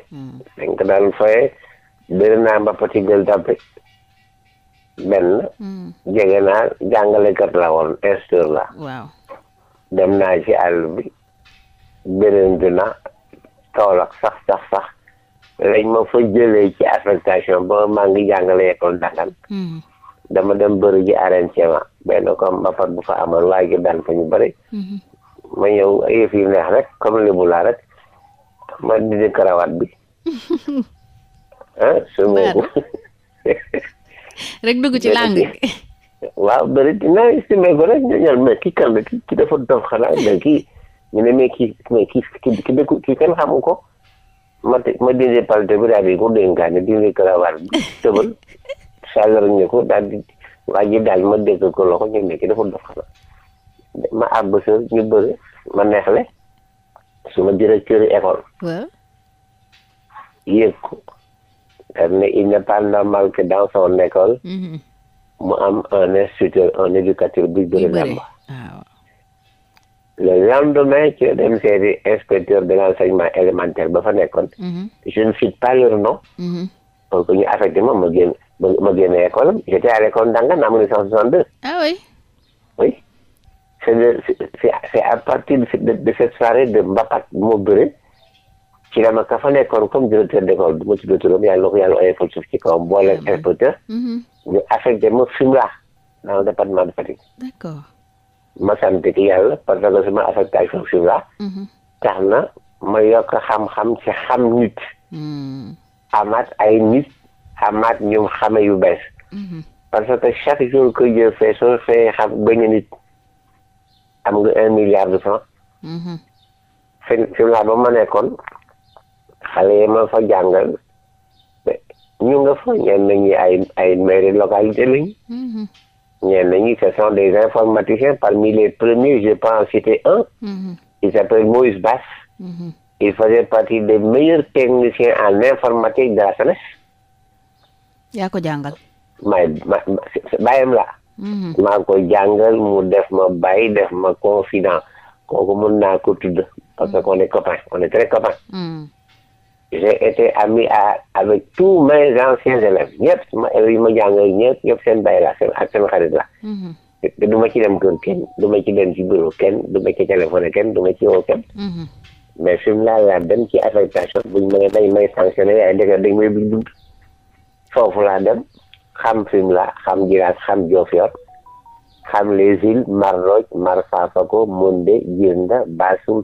dañ ko daan foyee naa mba gël tàppe benn hmm. jege naa jàngalekat la woon instructeur la waaw dem naa ci àll bi béréndu na Kaolack sax sax sax lañ ma fa jëlee ci affectation ba maa ngi jàngale école Ndakane hmm. dama dem bëri ji arrangement benn comme mbapat bu fa amoon waa ji daan fa ñu bëri hmm. ma ñëw yëf yi neex rek comme li bu laa rek ma dindi karawaat bi <laughs> ah su meeku <laughs> rek dugg ci langue waaw bëri naa estimé ko rek ñu ñaan mais ki kan la ki ki dafa dof xanaa mais ki ñu ne mais ki mais ki ki dëkku ki ko ma te ma dindi palte bi daal di ko dénkaane dindi karawaar bi tëbal ko daal waa ji daal ma dégg ko loxo ñu ne ki dafa dof xanaa ma àbb sa ñu bëri ma neexle su ma directeur école. yéeg ko. mais il n'est normal que dans son école. Mm-hmm. mu am un instituteur un éducateur bu bëri làmb ah, le lendemain ci dem seeti inspecteur de l'enseignement élémentaire ba fa nekkoon. Mm-hmm. je ne cite pas leur nom. Mm-hmm. pour que ñu affecté ma ma génn ma génne école j'étais à l'école Ndangane en 1962. ah oui. oui c'est de c'est à partir de cette soirée de Mbapat moo bëri. ci la ma ka fa nekkoon comme directeur d'école du ma tudd turam yàlla na ko yàlla oyofal suuf ci kawam boole ak ah, inspecteur ñu mhm. affecté ma Fimela dans le département de Fatick. d'accord ma sant ki yàlla parce que sama affectation Fimela. tax mhm. na ma yokk xam-xam ci xam nit. Mhm. amaat ay nit amaat ñoom xame yu bees. parce que chaque jour que Dieu fait soo fee xam gëñ nit am nga un milliard de francs. fi Fimela ba ma nekkoon. xale ma fa jàngal ñu nga fa ñenn ñi ay ay mairie localité lañu mm-hmm. ñenn ñi ce sont des informaticiens parmi les premiers je peux en citer un mm-hmm. il s'appelle Moïse Bass mm-hmm. il faisait partie des meilleurs techniciens en informatique de la SENES yaa ko jàngal may bàyyam la maa ko jàngal mu def ma bàyyi def ma confident kooku mën naa ko tudd parce que on est copains on est très copains j'ai été ami à avec tous mes anciens élèves ñëpp ma élèves yi ma jàngee ñëpp ñëpp seen bay la seen ak seen xarit la. Mm-hmm. te du ma ci dem kër kenn du ma ci dem ci bureau kenn du ma ci téléphone kenn du ma ci woo kenn. Mm-hmm. mais fi mu laa laa dem ci affectation buñ ma ne dañ may sanctionné ay dëkk dañ may buñ dund foofu laa dem xam fi mu laa xam Djilass xam Diofior xam les îles Mar Lodj Mar Fafaco Mondé Djirnda Bassoul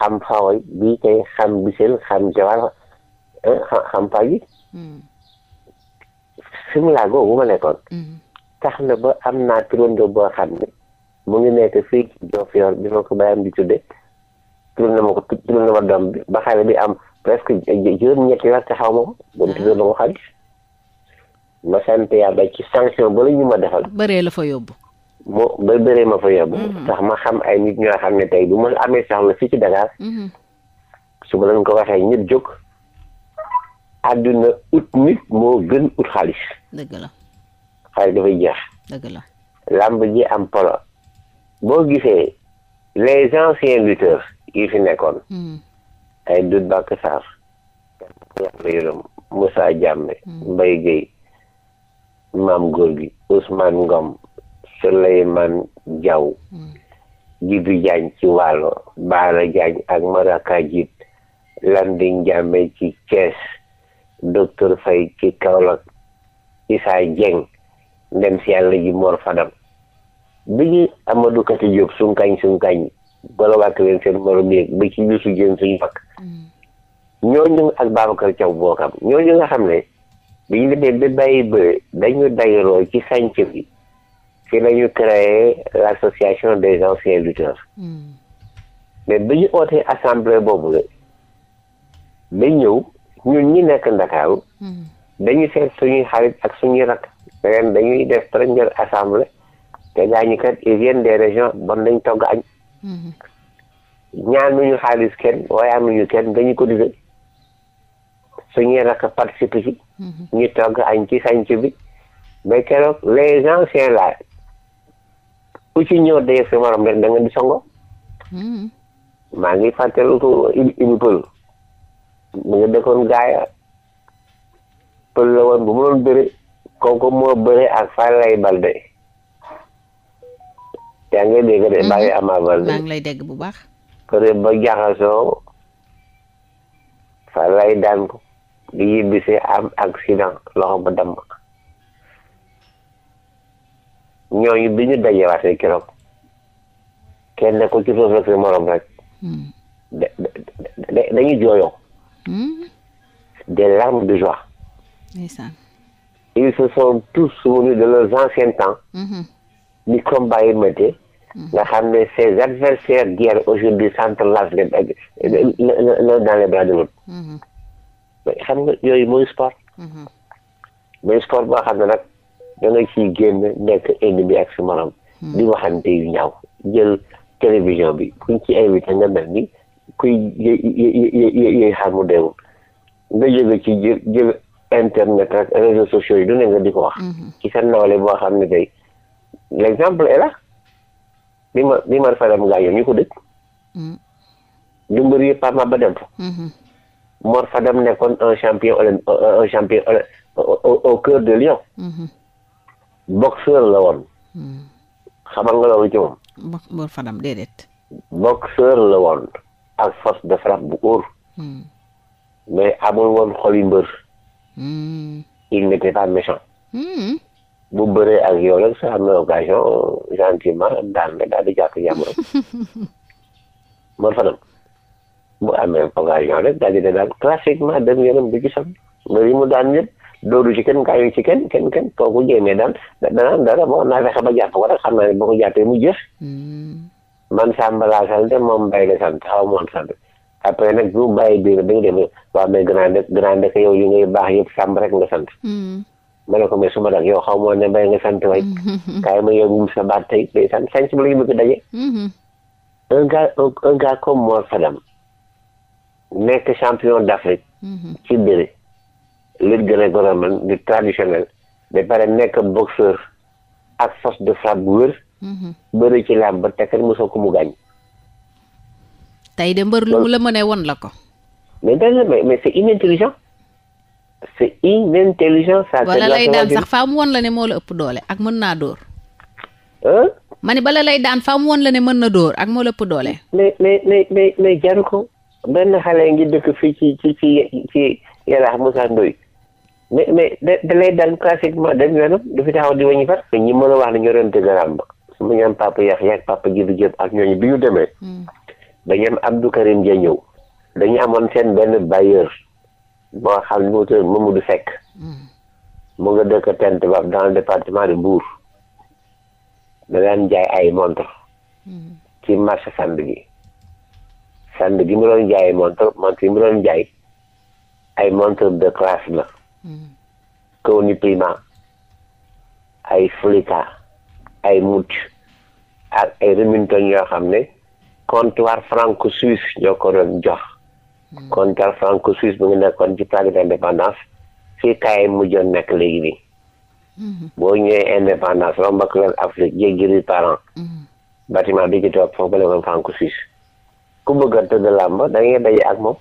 xam fawa bii kay xam bisel xam jawar eh, xam faji hmm. simila googu ma nekkoon hmm. tax na ba am naa turandoo boo xam ne mu ngi nekk fii ci Diofior bi ma ko bàyyam di tudde tural ma ko tural ma doom bi ba xale bi am presque juróom-ñetti weer te xaw ma ko ah. moom tural ma ko xaalis ma sant yàlla ci sanction ba la ñu ma defal bëree la fa yóbbu boo ba bëree ma fa yóbbu tax mhm. ma xam ay nit ñoo xam ne tey bu ma amee soxla si ci Dakar mhm. su ma leen ko waxee ñëpp jóg àdduna ut nit moo gën ut xaalis dëgg xaalis dafay jeex dëgg la làmb ji am polo boo gisee les anciens lutteurs yi fi nekkoon mhm. ay Doudou Bakka Sarr yàlla yërëm Moussa Diamé Maam Góor gi Ousmane Ngom Souleymane Diaw hmm. Jibi Jaañ ci Waalo Baara Jaañ ak Maraka Jit Landing Jaame ci Thiès docteur Faye ci Kaolack Issa Dieng ndem si yàlla ji Mor Fadam bi ñu Amadou Kati Diop sunkañ sunkañ golo wàkk leen seen morom yéeg ba ci bisu jën suñu fakk hmm. ñooñu ak Babacar Thiaw bookam ñooñu nga xam ne bi ñu demee ba bàyyi bëre dañu dayroo ci sànc bi ci la ñu créé des anciens lutteurs mm. mais bi ñu ootee assemblée boobu la ñun ñi nekk Ndakaaru hmm. dañu seet suñuy xarit ak suñuy rakk ren dañuy def première assemblée te gaañu kat ils viennent des bon dañ togg añ hmm. ñaan nuñu xaalis kenn waaye nuñu kenn dañu ko suñuy rakk participer hmm. ñu togg añ ci sanc bi mais keroog les anciens là ku ci ñëw dee sa morom rek da di songo hmm. maa ngi fàttaliku Ibi Pël mu ngi dëkkoon gaaya pël la woon bu mu doon bëri kooku moo ak Falaye Balde yaa ngi dégg de hmm. baa ngi Ama Balde maa ngi lay dégg bu baax përe ba jaxasoo Falaye daan ko loxo ba damm ñooñu bi ñu dajewaatee keroog kenn ku ci suuf rek si morom rek. Hmm. da da dañuy jooyoo. Hmm. des larmes de joie. ndeysaan. ils se sont tous souvenus de leurs anciens temps. Hmm. ni combat yi méttee. nga xam ne ces adversaires d'hier aujourd'hui s'entrelacent l'un euh, dans les bras de l'autre. mais xam nga yooyu mooy sport. mooy sport boo xam ne nag. da ci ciy génn nekk bi ak sa morom. Hmm. di waxante yu ñaw jël télévision bi kuñ ci invité nga mel ni kuy yë yë yë xamu deewul nga jóge ci jël jël internet ak réseaux sociaux yi du ne nga di ko wax. Hmm. ci sa nawle boo xam ne tey l' exemple est bi ma bi ma Fadam gaañoo ñu ko dëkk. du hmm. mbër yëpp Pape Maba Demba. Mor Fadam nekkoon un champion un champion au cœur de Lyon. boxeur la woon. Hmm. xamal nga loolu ci moom. box Mor Fadam déedéet. boxeur la ak force de frappe bu óor. Hmm. mais amul woon xoli mbër. Hmm. il n'était pas méchant. bu bëree ak yow rek sa am na occasion gentiment daan na daal di jàpp jàmburam <laughs> Fadam bu amee occasion rek daal di daal classiquement dem yoonam bi gisam mbër mu daan doodu ci kenn kaayu ci kenn kenn kenn kooku jéemee daan danaan dara bon naa fexe ba jàpp ko rek xam naa ne boo ko jàppee mu jëf man Samba laa sant ma Mbaye la sant xaw ma woon sant après nag bu bàyyi biir dañu dem waaw mais grand grand dëkk yow yu ngay baax yëpp Samba rek nga sant ma ne ko mais su ma nag yow xaw ma ne Mbaye nga sant way kaay ma yóbbu sa baat tey day sant sant ba la ñu bëgg daje un gars un gars comme Mor Fadam nekk champion d'Afrique ci bëri lutte gréco-romaine lutte traditionnelle ba pare nekk boxeur ak force de frappe bu wër. Mhm. bëri ci làmb ba te kenn mosoo ko mu gaañ. tey de mbër lu mu la mënee woon la ko. mais dana mais mais c'est inintelligent lay sax faa mu la ne moo la ëpp doole ak mën naa dóor. ma ne bala lay daan faa mu woon la ne mën na dóor ak moo la ëpp doole. mais mais mais mais jaru ko benn xale ngi dëkk fii ci ci ci ci Yaraax Moussa mais mais da da lay dal classiquement dem yoonam du fi taxaw di a wax ne ñoo doon dëgëral ma. su ma ñu am papa Yax bi ñu demee. Hmm. dañu am Abdou Karim Dia ñëw. dañu amoon seen benn bailleur. boo xam ne moo tudd Mamadou Seck. Hmm. mu nga dëkk Tente Ba dans le département de da daan jaay ay montre hmm. ci marché sand gi. sand gi mu doon jaay montre montre yi mu ay montre de classe la. Kawni Prima ay Flika ay Mut ay Remington yoo xam ne comptoir franco-suisse ñoo ko doon jox. Hmm. comptoir franco-suisse bu ngi nekkoon ci Place de l'Indépendance fii kaay mujjoon nekk léegi nii. Hmm. boo ñëwee indépendance romb ak wàllu Afrique jéggi rue Parent. Hmm. bâtiment bi ci toog foofu la franco-suisse ku bëgg a tëdd làmb da ngay ak moom.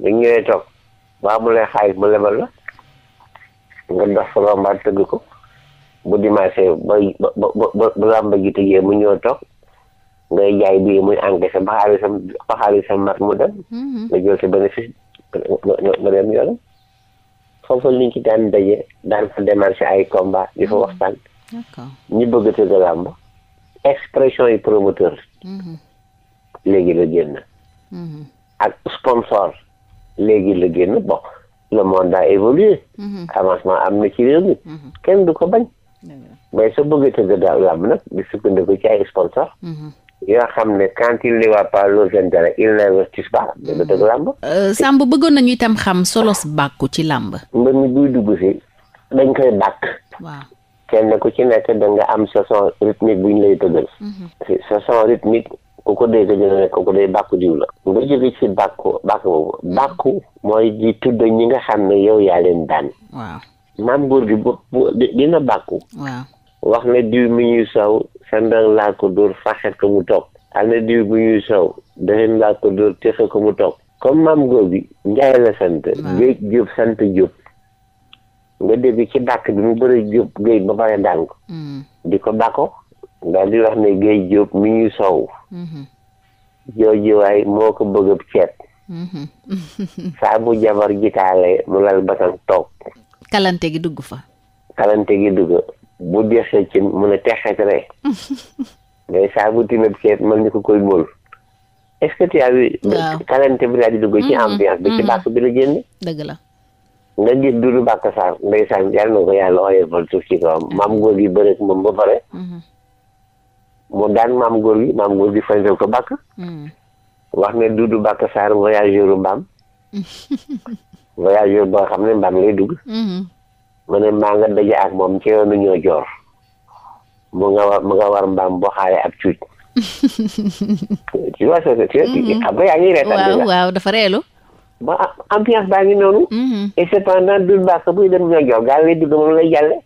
bu toog ba mu lay xaalis mu lebal la. nga def fa làmbaar tëgg ko bu dimanche ba ba ba ba làmba ji tëjee mu ñëw toog ngay jaay bii muy encaissé ba xaalisam ba mat mu dem mm-hmm. nga jël sa bénéfice nga dem yoonam foofu liñ ci daan daan fa démarché ay combat di fa mm-hmm. waxtaan ñi bëgg tëgg làmb expression yi promoteur mm-hmm. léegi la génn ak sponsor léegi la génn bokk le monde daa évolué. Mm-hmm. avancement am na ci réew mi. Mm-hmm. kenn du ko bañ. mais soo bëggee tëgg daa làmb nag di sukkandiku ci ay sponsor mm-hmm. yoo xam ne quand il n'y va pas leurs intérêts ils n'investissent pas da nga tëgg làmb. Euh, Samb bëggoon nañu itam xam solos bàkku ci làmb. mbër mi buy dugg si dañ koy bàkk. waaw kenn ku ci nekk da nga am saison rythmique bu ñu lay tëggal. saison rythmique. ku ko dégg ñu ne ko ku dee bàkku diw la nga jóge ci bàkku bàkku boobu mm. bàkku mooy di tudd ñi nga xam ne yow yaa leen daan waaw maam góor gi bu dina bàkku waaw wax ne diw mi ñuy saw sandal laa ko dóor faxet ko mu toog am na diw mi ñuy saw dafeen laa ko dóor téxe ko mu toog comme maam góor gi njaay la sant géej jóob sant jóob nga dégg ci bàkk bi mu bëri jóob géej ba pare daan ko mm. di ko bàkko daal di wax ne Guèye Diop mi ñu sow mhm. jooju moo ko bëgg ab ceet mhm. <laughs> saa bu jabar jitaale mu lal basan toog kalante gi dugg fa kalante gi dugg bu deexee ci mun a texet rek ngay saa bu timab ceet mën ñu ko koy mol est-ce que tu bi daal di dugg ci mhm. ambiance bi ci bàkk bi la génne dëgg la nga gis Doudou Baka Sarr ndeysaan yàlla na ko yàlla ooyee fal suuf ci kawam maam góor gi bëreeg moom ba pare mu daan maam góor gi maam góor gi fañ ko bàkk hmm. wax ne Dudu Bàkk Sarr voyageur mbaam <laughs> voyageur boo xam ne mbaam lay dugg hmm. mu ne maa nga daje ak moom ci yoonu ñoo joor mu nga war mu nga war mbaam boo xaale ak cuuj ci waa soo xam nga yaa ngi reetaan waaw waaw dafa reelu ba ambiance baa ngi noonu hmm. et cependant Dudu Bàkk buy dem ñoo joor gaa lay dugg moom lay jàlle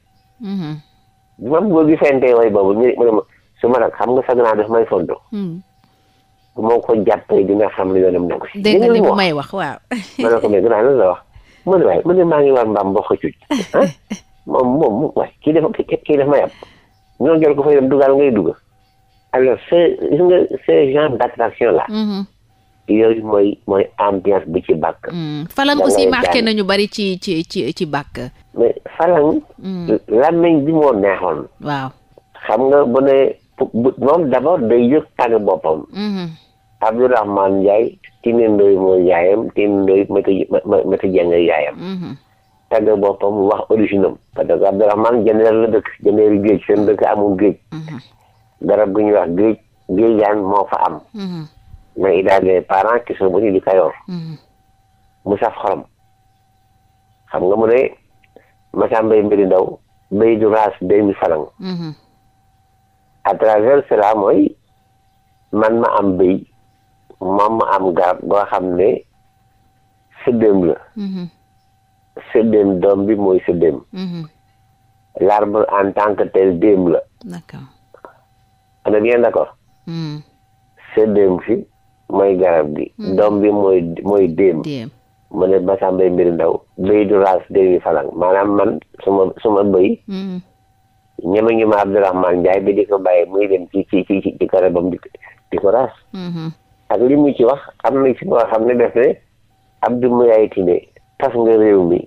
moom góor suma nag xam nga sa naa def may sondu hmm. bu ma ko jàppee dina xam ne yoonam nekk si dégg nga may wax waaw <laughs> ma ne ko mais gannaaw lan la wax mu ne waaye mu ne maa ngi war mbaam mboq cuuj ah <laughs> moom moom waaye kii def kii def may am ñoo jël ko fay dem dugal ngay dugg alors c'est genre d'attraction là mm-hmm. yooyu mooy mooy ambiance bi ci bàkk falang mm. aussi marqué nañu bari ci ci ci ci bàkk mais falang mm. làmmiñ bi moo neexoon waaw xam nga bu ne moom d'abord day yëg tànn boppam. Mhm. Abdourahmane Ndiaye Tine Ndoye mooy yaayam Tine Ndoye Mati Dieng yaayam. Mhm. tàgg boppam wax originam parce que Abdourahmane Jandeer la dëkk Jandeeri géej seen dëkk amul géej mhm. garab gu ñuy wax géej géejaan moo fa am mais il a des parents qui sont venus du mu saf xorom xam nga mu ne Masamba Mbiri Ndaw bay du raas deux mille à travers cela man ma am béy moom ma am garab goo xam ne sëddéem la mhm. sëddéem doom bi mooy sëddéem mhm. en tant tel déem la d'accord on est bien fi mooy garab gi mhm. doom bi mooy mooy déem mu ne Massamba Mbir Ndaw béy du raas déemi man suma suma béy ñeme ñu ma Abdourahmane Ndiaye bi di ko bàyyi muy dem ci ci ci ci kare bam di ko raas mm-hmm. ak li mu ci wax am na ci boo xam ne def ne Abdou Mbaye Tine tas nga réew mi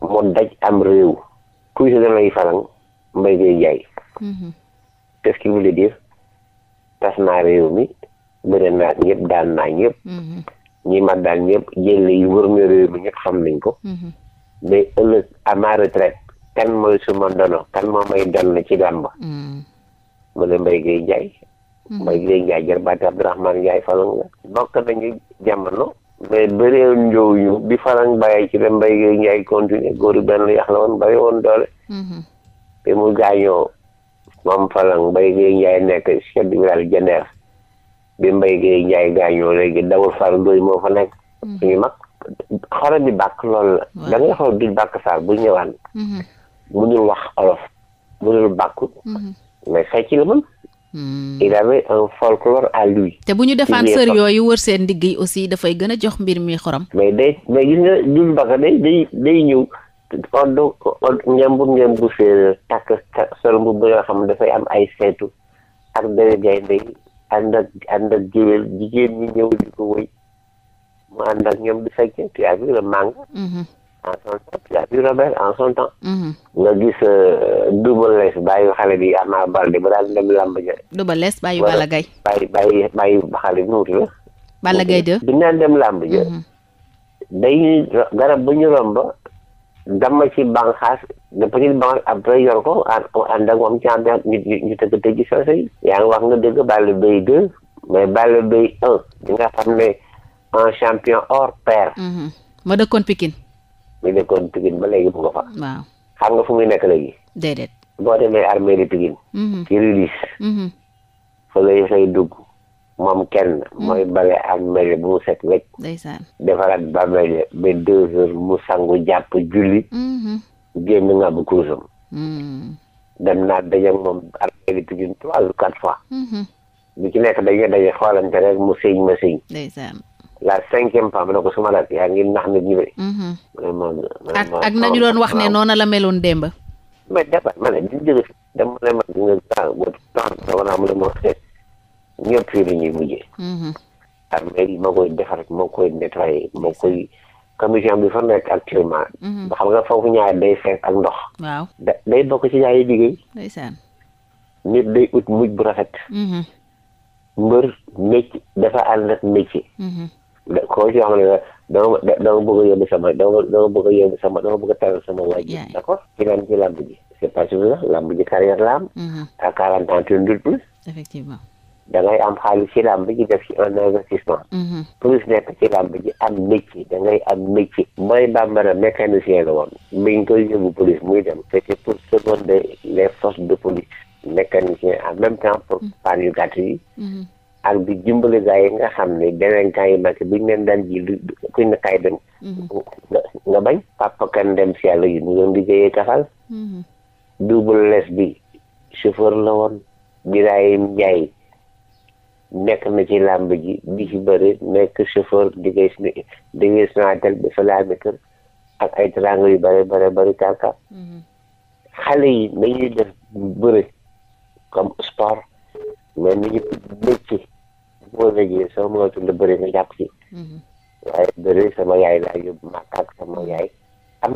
moo daj am réew kuy sa danay falang mbay ngay jaay mm-hmm. qu'est-ce qui voulait tas naa réew mi bëri naa ñëpp daan naa ñëpp mm-hmm. ñi ma daan ñëpp jëlle yu wër réew mi ñëpp xam nañ ko mais ëllëg à ma kan mooy suma ndono kan moo may ci doon ba mu mm. ne Mbaye Gueye Ndiaye mm. Mbaye Gueye Ndiaye jarbaati Abdourahmane Ndiaye falang la bokk nañu jamono mais bëree bi falang bàyyi ci la Mbaye Gueye Ndiaye continuer góoru bi mu gaañoo moom falang Mbaye Gueye Ndiaye nekk chef du village Janeer bi Mbaye Gueye Ndiaye gaañoo léegi dawul far doy moo fa nekk mm-hmm. suñu mag xoolal di bàkk loolu la da xool di bàkk saar bu ñëwaan mm-hmm. ñu wax olof mënul bàkku mhm. mais fecc la mën hmm. il avait un à lui te bu ñu defaan sër yooyu wër seen ndigg yi aussi dafay gën a jox mbir mi xorom mais day mais gis nga dul baka day day day ñëw odd njambur njambur séeréer takk sol mbubb bi xam dafay am ay seetu ak dere gaynde yi ànd ak ànd ak géwél jigéen ñi ñëw di ko wëy mu ànd ak ñoom di fekkee tu as vu le en son a eu Robert en son nga gis euh, Double Less bàyyi xale bi Ama Baldé ba daan dem làmb ja. Double Less bàyyi Balla Gaye. bàyyi bàyyi bàyyi xale bi mu tudd. Balla Gaye de. bi naan dem làmb ja. Mhm. day garab bu ñu romb dama ci bànqaas de petite bànqaas après yor ko ànd ak moom ci ànd ak ñu ñu tëgg tëgg soose yi. yaa ngi ne un champion hors pair. Mhm. ma dëkkoon Pikine. mi nekkoon Pikine ba léegi mu nga fa. waaw xam nga fu muy nekk léegi. déedéet. boo demee armée de Pikine. Mhm. ci Rudis. Mhm. fa lay fay dugg moom kenn mhm. mooy bale armée bu mu set wecc. ndeysaan defaraat bàmmeel ba deux heures mu sangu jàpp julli. génn nga bu kuusam. dem naa daje ak moom armée de Pikine trois ou quatre fois. bu ci nekk dañuy daje xoolante rek mu sëñ ma sëñ. la cinquième pas mu ne ko su ma la yaa ngi nax nit ñi de. Mm-hmm. vraiment vraiment ak nañu doon wax ne noonu la meloon démb. mais dafa ma ne di jóge dama ne ma ñu ne ma ñëpp fii la ñuy mujjee. Mm-hmm. armée yi moo koy defar moo koy nettoyé moo koy commission bi fa nekk actuellement. Mm-hmm. ba xam nga foofu ñaar day fees ak ndox. waaw da day bokk ci ñaari liggéey. ndeysaan. nit day ut mujj bu rafet. mbër métier dafa ànd ak métier. koo ci xam ne dama dama bëgg a yóbbu sama a a taral sama waay ji d' accord ci lan ci làmb ji c' est pas suffisant làmb ji carrière la am à quarante ans tu ne doutes plus da ngay am xaalis ci làmb ji def ci un investissement plus nekk ci làmb ji am métier da ngay am métier mooy bambara mécanicien la woon mi ngi koy yóbbu police muy dem c'était pour seconder les forces de police mécanicien en même temps pour mhm. panne yu gàtt yi mhm. ak di dimbali gars yi nga xam ne beneen temps yi Macky buñ leen daan ji lu kuñ na kaay dem. Mhm. nga bañ papa kan dem si yi ñu doon liggéeyee kafal. Mhm. double les bi chauffeur la woon Birahim Ndiaye nekk na ci làmb ji di ci bëri nekk chauffeur liggéey si liggéey bi fa laami kër ak ay teraanga yu bëri bëri bëri kàrkar mhm. xale yi nañuy def bëri comme sport mais nañu métier boo léegi soo moytuwul la bëri nga jàpp si. waaye bëri sama yaay laa yóbbu màkk ak sama yaay am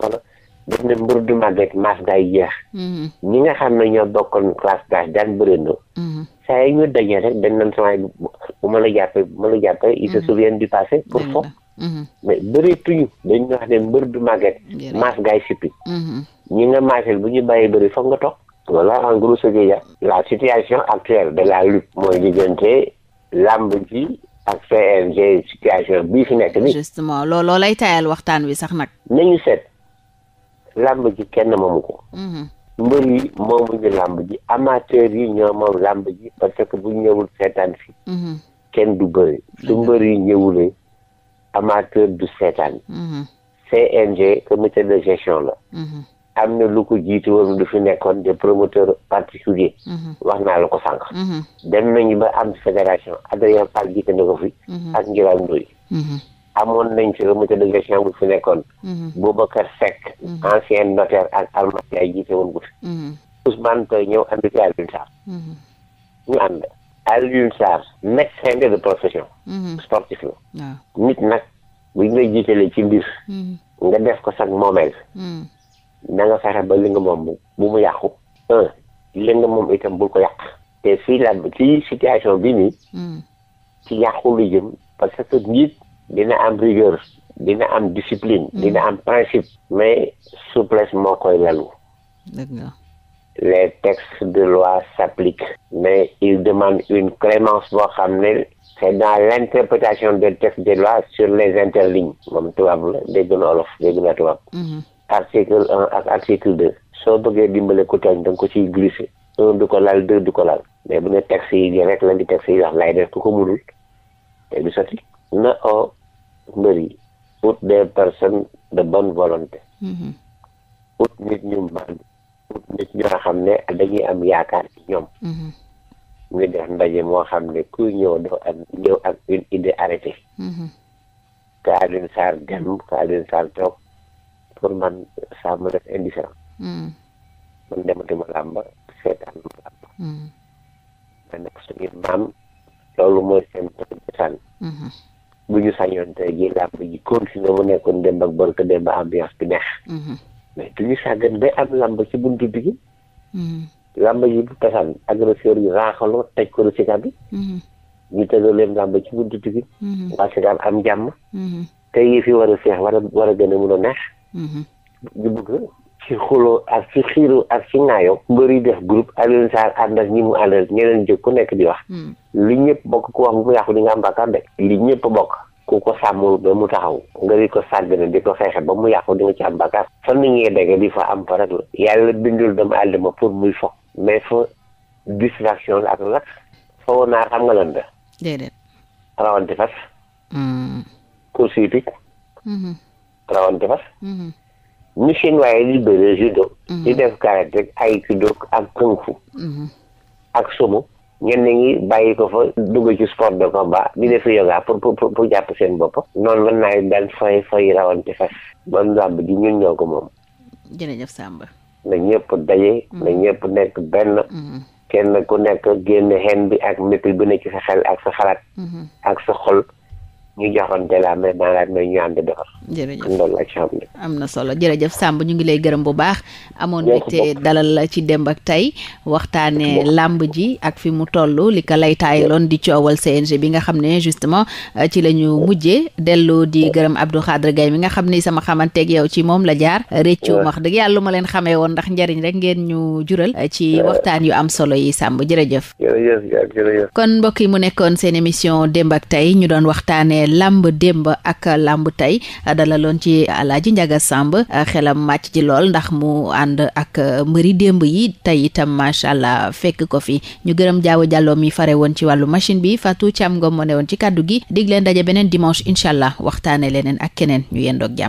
solo def na mbir du màgget maas gaay jeex. ñi nga xam ne ñoo bokkoon classe d'âge daan bëri na. saa yi ñu dajee rek dañ naan sama bu ma la jàppee bu ma la jàppee il se souvient du passé pour fo. mais bëreetuñu dañ ñu wax ne mbir du màgget. maas gaay sippi ñi nga maasel bu ñu bàyyi bëri foog nga toog. Voilà en gros ce La situation actuelle de la lutte mooy diggante làmb ji ak CNG situation bii fi nekk nii. justement loolu loolay tayal waxtaan wi sax nag. nañu seet làmb ji kenn moomu ko. Mm-hmm. mbër yi moomuñu làmb ji amateur yi ñoo moom làmb ji parce que bu ñëwul seetaan fi. Mm-hmm. kenn du bëri. su mm-hmm. mbër yi ñëwulee amateur du seetaan. CNG comité de gestion la. am na lu ko jiitu woon lu fi nekkoon des promoteurs particuliers mhm. wax naa la ko sànq mhm. dem nañu ba am fédération Adrien Fall jiite na ko fi mhm. ak Ngiraan Ndoy amoon nañ fi comité de gestion bu fi nekkoon Boubacar Seck ancien notaire ak almatiay jiite woon ko fi Ousmane Toye ñëw andi fi Alioune Sarr ñu ànd Alioune Sarr médecin de profession sportif la nit nag buñ lay jiitalee ci mbir nga def ko sax moomeel na nga fexe ba li nga moom bu mu yàqu un li nga moom itam bul ko yàq te fii la fii situation bi nii mm. ci yàqu lu jëm parce que nit dina am rigueur dina am discipline mm. dina am principe mais souplesse moo koy lalu les textes de loi s'appliquent mais ils demandent une clémence boo xam ne c'est dans l'interprétation des textes de loi sur les interlignes moom tubaab la dégg na olof dégg na tubaab mm-hmm. article un ak article deux soo bëggee dimbale ku tooñ da ko ci glissé un du ko laal deux du ko laal mais bu ne texte yi rek lan di texte yi wax lay def ku ko mënul te du sotti na oo mbër yi ut des personnes de bonne volonté mm-hmm. ut nit ñu mbaan ut nit ñoo xam ne dañuy am yaakaar ci ñoom mm-hmm. ñu def ndaje moo xam ne kuy ñëw doo ak ñëw ak une idée arrêtée mm-hmm. ka Alioune Sarr dem ka Alioune Sarr toog pour man ça me laisse indifférent. Hmm. man dematuma làmba seetaan ma làmba. Hmm. mais nag suñuy maam loolu mooy seen cosaan. Hmm. bu ñu sañoon tey jii làmb ji continué mu nekkoon démb ak barke démb ambiance bi neex. mais du ñu sàggan bay am làmb ci buntu bi gi. làmb ji bu tasaan agresseur yi raaxaloo tej ko ci bi. ñu tëddoo leen làmb ci buntu bi gi. waa Sicap am jàmm. tey yi fi war a feex war a war a gën a a neex. Mm-hmm. ñu bëgg ci xuloo ak ci xiiru ak ci ŋaayoo mbëri def groupe Alioune Sarr ànd ñi mu àndal ñeneen jóg ku nekk di wax mm. li ñëpp bokk ku wax bu mu yàqu di am bàkkaar de li ñëpp bokk ku ko sàmmul ba mu taxaw nga di ko sàggane di ko xeexe ba mu yàqu di ci am bàkkaar fa ni ngee dégg di fa am fa rek yàlla bindul doomu aadama pour muy foog mais fa distraction la ak la fa woon naa xam nga lan da déedéet rawante fas mm. rawante fas mm-hmm. ñu chinois yi di bëree judo mm-hmm. di def karaté ak aikido ak kung fu mm-hmm. ak sumu ñenn ñi bàyyi ko fa dugg ci sport de combat di def yoga pour pour jàpp seen bopp noonu mën naa daan fay fay rawante fas man làmb ji ñun ñoo ko moom jërëjëf Samba na ñëpp daje na ñëpp nekk benn kenn ku nekk génn xen bi ak métti bi ne sa xel ak sa xalaat ak sa xol ñu joxante la mais maanaam mooy am. na solo jërëjëf sàmb ñu ngi lay gërëm bu baax. amoon mbégte dalal la ci démb ak tey waxtaanee làmb ji ak fi mu toll li ko lay taayaloon di coowal CNG bi nga xam ne justement euh, ci la ñu mujjee dellu di gërëm Abdou Khadre Gaye mi nga xam ne sama xamanteeg yow ci moom la jaar. réccu wax dëgg yàlla lu ma leen xamee woon ndax njëriñ rek ngeen ñu jural. Euh, ci waxtaan yu am solo yi Samb jërëjëf. jërëjëf kon mbokk mu nekkoon seen émission démb ak tey ñu doon waxtaanee làmb démb ak làmb tey dalaloon ci Alaaji Njaga Sàmb xelam màcc ci lool ndax mu ànd ak mbëri démb yi tey itam macha allah fekk ko fi ñu gërëm jaaw jàlloo mi fare woon ci wàllu machine bi Fatou Thiam Ngom moo ne woon ci kàddu gi dig leen daje beneen dimanche incha allah waxtaane leneen ak keneen ñu yendoog jàmm